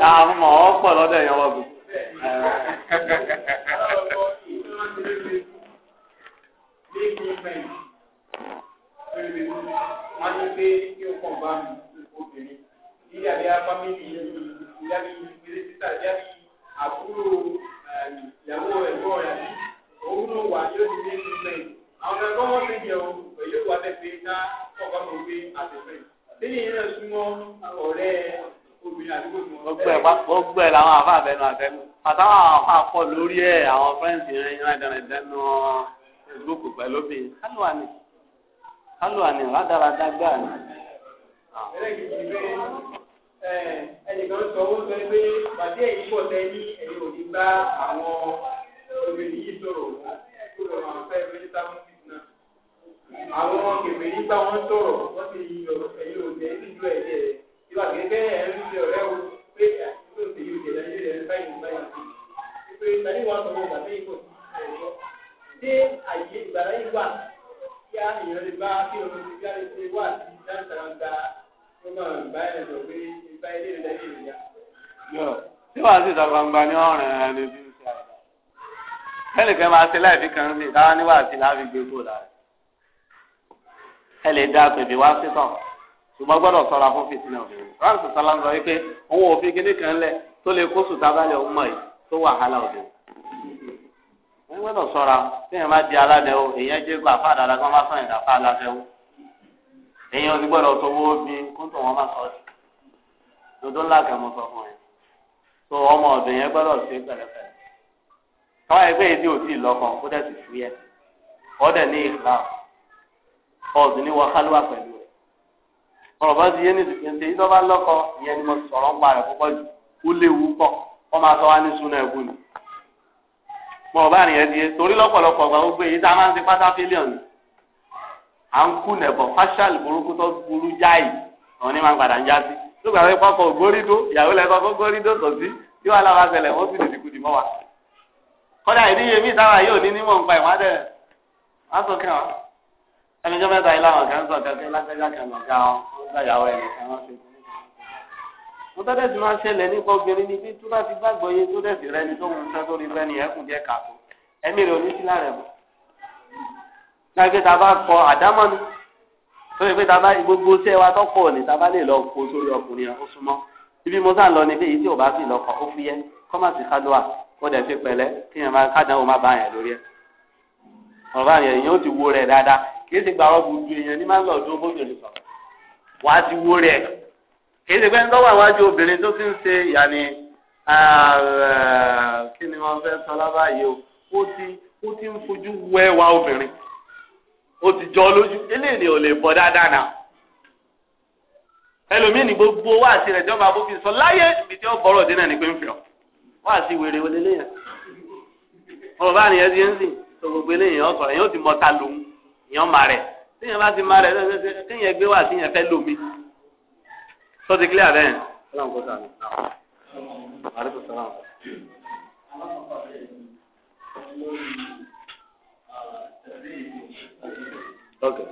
S1: àwọn ọmọ ọ̀pọ̀ lọ́dọ̀ ẹ̀yàn wọ́n bù. Wọ́n ní pé kí o kàn bá mi obìnrin. Ìyá bí a bá mi nìyẹn, ìyá mi ìgbésí títà pa gbogbo ẹ̀ làwọn
S2: àfa àbẹnu àtẹnu àtàwọn àfa pọ̀ lórí ẹ̀ àwọn fẹ́ǹsì rẹ̀ yẹn dẹ̀rẹ̀dẹ̀nu facebook pẹ̀lú bí kálùwà ni kálùwà ni rádaràdá gbà ni.
S1: ẹnìkan sọ ó sọ pé pàdé ẹ̀yìn pọ̀ tẹ́ ní ẹ̀yìn òní bá àwọn obìnrin yìí sọ̀rọ̀ kúrò àwọn fẹ́ẹ́ fẹ́ẹ́ sáwọn
S3: àwọn kèfèrí bá wọn sọ̀rọ̀
S1: wọ́n ti yọ ẹ̀yìn òní ẹ̀yìn ìlú ẹ̀jẹ̀ ìwà gẹ́gẹ́ ẹ̀ ń ṣe ọ̀rẹ́ wo pé àtúntò ah, ṣe yóò ṣẹlẹ̀ yóò ṣẹlẹ̀ báyìí báyìí pé tani wọn sọ wọn gbàgbé ìbò ẹ̀rọ ṣé àyè ìgbàlá yìí wà kí á èèyàn lè bá kí ọmọ ti fi àlè ṣe wà sí dáńtàràǹtà tó máa ń bá ẹ̀ lọ pé ìgbà ilé rẹ̀ lẹ́yìn ìyá.
S2: tí wàá sì sọ gbangba ní ọ̀ràn ẹni bí ṣe àìdá kẹ́lẹ̀kẹ́ máa ṣe láìfi kan mi táwa níwáàsí láàfi gbé kó lára ẹ lè dá pèbí wá sí tán ṣùgbọ́n gbọ́dọ̀ sọ̀rọ̀ fún fìtínà obìnrin rárá sọ sálá ń sọ wípé òun ò fi kíní kan lẹ̀ tó lè kó sùtá balẹ̀ òun mọ̀ yìí tó wàhálà obìnrin. wọ́n gbọ́dọ̀ sọ̀rọ̀ téèyàn má di aládẹ o èèyàn jẹ́ gbà fún àdàdà kan má sọ ìdá fún aládẹ o èèyàn ti gbọ́dọ̀ tó wó bí kóńtò wọn má sọ ọ́ dodo ńlá kan mo sọ fún yẹn tó ọmọ ọ̀dọ̀ yẹn gbọ́dọ̀ ṣe pẹ̀lẹ́pẹ̀lẹ́ káwá ẹgbẹ́ yìí tí ò kó dẹ̀ sì fúyẹ́ ọ̀dẹ̀ ní ìlà ọ̀dùn ní ọ̀rọ̀ bá ti yé ní ìdíje ìdí ọba lọ́kọ ìyẹn ni mo sọ̀rọ̀ ń pa rẹ̀ púpọ̀ jù ó léwu pọ̀ wọ́n máa sọ wá ní súnà ẹ̀kú ni. mo ò bá nìyẹn di torí lọ́pọ̀lọpọ̀ gba gbogbo èyí tá a máa ń ti pátá fílíọ̀nù à ń kú nẹ̀bọ̀ fáṣálì burúkú tó burú jáì àwọn ní máa ń padà ń já sí. lóògbà pé pọ́pọ̀ ògbórídó ìyàwó lẹ́kọ̀ọ́ kó gbórídó tọ̀ sí tí wàá láwa ṣẹlẹ̀ wọ́n sì dìdìkú dì mọ́ wa. kọ́dà ìdíyemí táwa yóò ní nímọ̀ nípa ìwádẹ́ wọ́n á sọ kí wọn ẹni tó mẹ́ta yìí làwọn kan sọ kẹfẹ lágbẹjà kan lọgá ọ gbàyàwó ẹni kan wọn ṣe mo tọ́ dẹ̀sí máa ń ṣẹlẹ̀ nípa obìnrin ni bí tó bá ti gbàgbọ́ yé tó dẹ̀sí rẹ ni tó wù sẹ́ tó rí rẹ ni ẹkùn jẹ́ kàtó ẹ̀mí rẹ oníṣílá rẹ bọ̀. gbàgbé ta bá kọ àdámọ́ ni tó yẹ pé ta bá gbogbo iṣẹ́ wa tó pọ̀ ta bá lè lọ kó sórí ọkùnrin ó ibi mo sá lọ ni pé èyí ò bá sì lọkọ̀ ó fúyẹ́ kọ́mọ̀sì kádùá ó dẹ̀ fi pẹ̀lẹ́ kí yẹn máa kádàá kì í ti gbà wọ́n gbogbo èèyàn ní máa ń lọ dúró bóbìnrin sọ wàá ti wó rẹ̀ kì í ti pẹ́ ń tọ́wọ́ àwájú obìnrin tó ti ń ṣe yàní kí ni wọ́n fẹ́ sọ lábàáyé o ó ti ó ti ń fojú wọ ẹwà obìnrin ó ti jọ lójú eléyìí ò lè bọ́ dáadáa náà ẹlòmíì ní gbogbo wáàsí rẹ̀ jọba abófin sọ láyé ibi tí ó bọ̀rọ̀ dínà ní pé ń fi ọ wáàsí wèrè wọlé léyìn ọ̀rọ̀ bá nìyẹn ti ń sìn gbogbo eléyìí ọ̀sọ̀rọ̀ yẹn ó ti mọ̀ta lòun ìyẹn ọmọ rẹ̀ tíyẹn bá ti máa rẹ̀ tíyẹn gbé wá tíyẹn fẹ́ lómi sọ ti kílẹ̀ abẹ́yẹn.
S1: Okay.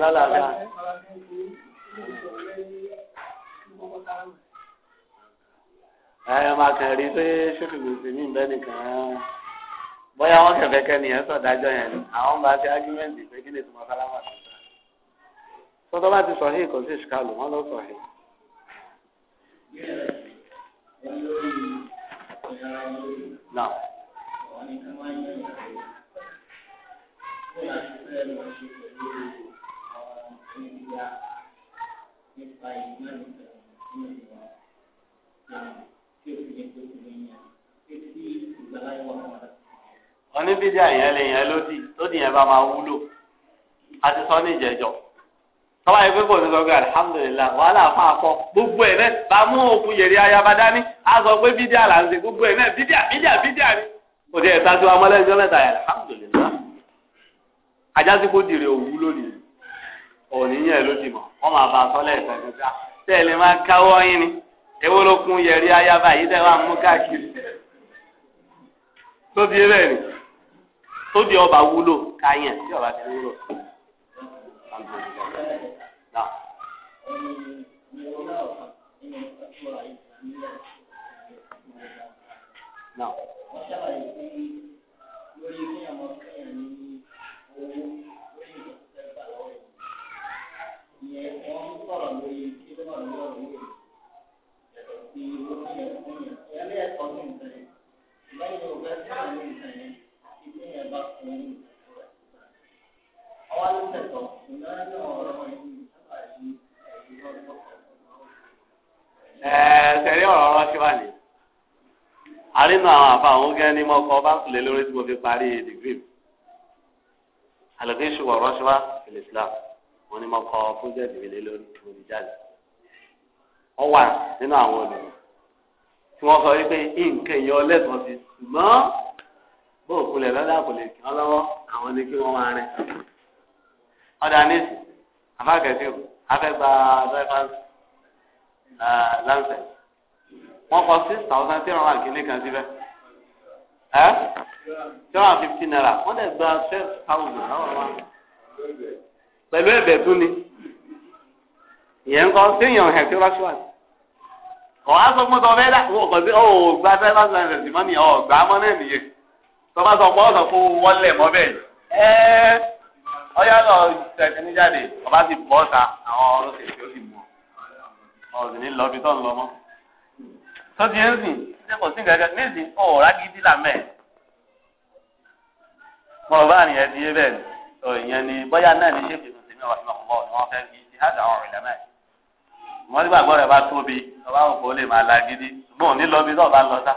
S1: lálàáfíà.
S2: ẹ máa kàn rí pé ṣókè gbèsè mí bẹ́ẹ̀ nìkan bóyá wọn kẹfẹ kẹni ẹ sọ dájọ́ yẹn ni àwọn bá ṣe ágúmẹǹtì pé kí lè tún mọsálámà tó ta tọ́tọ́ bá ti sọ̀hìn kò sí ìṣìkàlù wọn ló sọ̀hìn.
S1: Now. nípa ìmọ̀ nípa nínú ìwà tí o fi lè tó ti lè yàn tí tí ìgbàláyé wà wọn.
S2: oníbídíà yẹn lè yẹn lódì lódì yẹn bá máa wúlò a ti sọ ní ìjẹjọ tọ́wá yìí pé kò ní sọ pé alihamudulilayi wàhálà fún akọ gbogbo ẹ̀ náà bá mú òkú yèrè ayaba dání a sọ pé bídíà là ń ṣe gbogbo ẹ̀ náà bídíà bídíà bídíà ni kò dé ẹ̀ sáájú amọ́lẹ́jọ́ mẹ́ta ajásí kò dìrè òwú lónìí. òníyàn ló ti mọ̀ wọ́n máa bá a sọ lẹ́ẹ̀kan nígbà tẹ́ máa yín ni ayaba yìí tẹ́ mú káàkiri ni tó di ọba wúlò káyàn tí ọba ti
S1: lẹ́yìn ògbẹ́ tí àwọn ènìyàn yẹn àti bí yẹn bá fún un. ọwọ́ ló tẹ̀tọ̀ ìnáwó ní ọ̀rọ̀ yìí sábà yí ẹ̀yìn lọ́dọ̀.
S2: ẹ̀ẹ́ tẹ̀lé ọ̀rọ̀ ọ̀rọ̀ sí wà ní. àrínà àwọn àfa àwọn gẹ́gẹ́ ní mọ́kọ́ bá lè lórí tí mo fi parí dìgírì mi. ṣùgbọ́n ọ̀rọ̀ sí wà ìlẹ̀ Islam wọn ni mọ́kọ́ fún jẹ́ẹ̀dì mi lórí tí mo fi jáde. ọ wà nínú àwọn olùdó tí wọ́n sọ wípé nǹkan èèyàn ọlẹ́tọ̀ sí ṣùgbọ́n bóò kulẹ̀ lọ́dà kò lè kí wọ́n lọ́wọ́ àwọn ni kí wọ́n máa rìn. ọ̀dà níìsì afákẹ́sì afẹ́gbà drivers lancet wọ́n kọ six thousand three hundred and kìíní kan síbẹ̀ ẹ́ three hundred and fifty naira wọ́n lè gba twelve thousand lọ́wọ́ wa pẹ̀lú ẹ̀bẹ̀ tún ni ìyẹn ń kọ́ sí ìyàn hẹ̀ tí wọ́n ṣíwájú. ọ̀hún aṣọ fún tọ́ fẹ́ẹ́ dá wọ́n kọ́ sí ọ̀ gba fẹ́ láti láti ẹ̀sìn ọ wọ́n nígbà gbọ́dọ̀ bá tóbi ọba òkò lè máa la gidi ṣùgbọ́n òní lọ bí tó ọba lọ sá.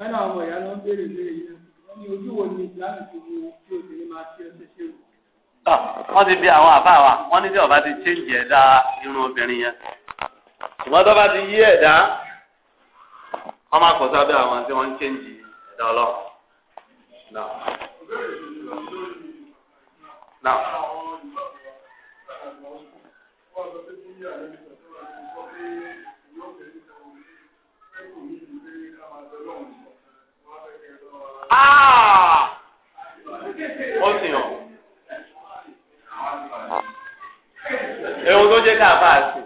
S1: Wọ́n náà ọmọ ìyá ló ń béèrè lé yìí wọ́n ní ojú wo ni ìsìlámù ti wo tí obìnrin máa ṣe ọṣẹ ṣe wò.
S2: Wọ́n ti bí àwọn àbá wa wọ́n ní bí ọba ti chéǹjì ẹ̀dá irun obìnrin yẹn. Ṣùgbọ́n tó bá ti yí ẹ̀dá, wọ́n máa kọ̀ sábẹ́ àwọn tí wọ́n ń chéǹjì ẹ̀dá ọlọ́run. Now. Now.
S1: Ah! Ó sì hàn. Ewu tó jẹ́
S2: ká bá a sí.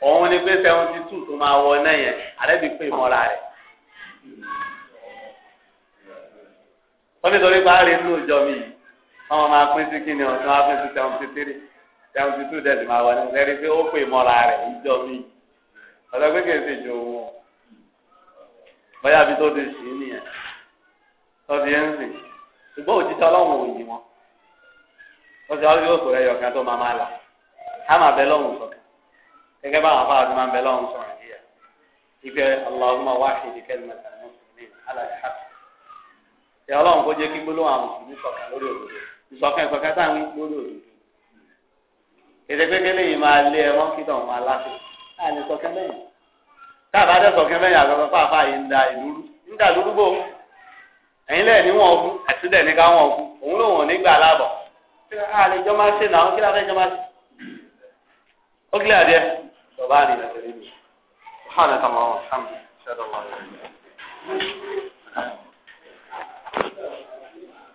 S2: Òun ni pé seventy two tó máa wọ náà yẹn, àdébí pé ìmọ̀ra rẹ̀ wọ́n ní torí parí inú ìjọ mi yìí wọ́n máa pín sí kí ni ọ̀sán á pín sí seventy three seventy two dẹ̀sì máa wọ ní mo sẹ́ni pé ó pè mọ́ra rẹ̀ ìjọ mi yìí ọ̀sán pé kìí ṣe ìjọ wọn bóyá bí tó ti sì í nìyẹn tó ti ń sìn ṣùgbọ́n òjíṣẹ́ ọlọ́run ò yí wọn ó ọlọ́run yóò kó rẹ̀ yọ̀kan tó máa máa là á máa bẹ lọ́run sọ̀kan gẹ́gẹ́ báwọn afáàdùn máa
S1: ń ẹ ọlọ́run kó jẹ́ kí gbólóhùn àwọn
S2: mùsùlùmí ṣọ̀kan lórí òdodo ìṣọ̀kan ìṣọ̀kan táwọn lórí òdodo èdè pékélé yìí máa lé ẹ wọn kíkọ ọmọ aláṣẹ láàrin ṣọ̀kan lẹ́yìn káàbá dẹ ṣọ̀kan lẹ́yìn àgbàgbà fàáfàá yìí ń da ìlúrú ń da ìlúrú bò ó ẹ̀yin lẹ́yìn ní wọn kú àtúndẹ̀ ní ká wọn kú òun lòun ò ní gbà láàbọ̀ àlejò máa ṣe náà kí láfẹ́ jọ máa ṣe ó kílẹ̀ àdìẹ bàbá àdìẹ nàìjíríà
S1: سبحانك اللهم وبحمدك اشهد ان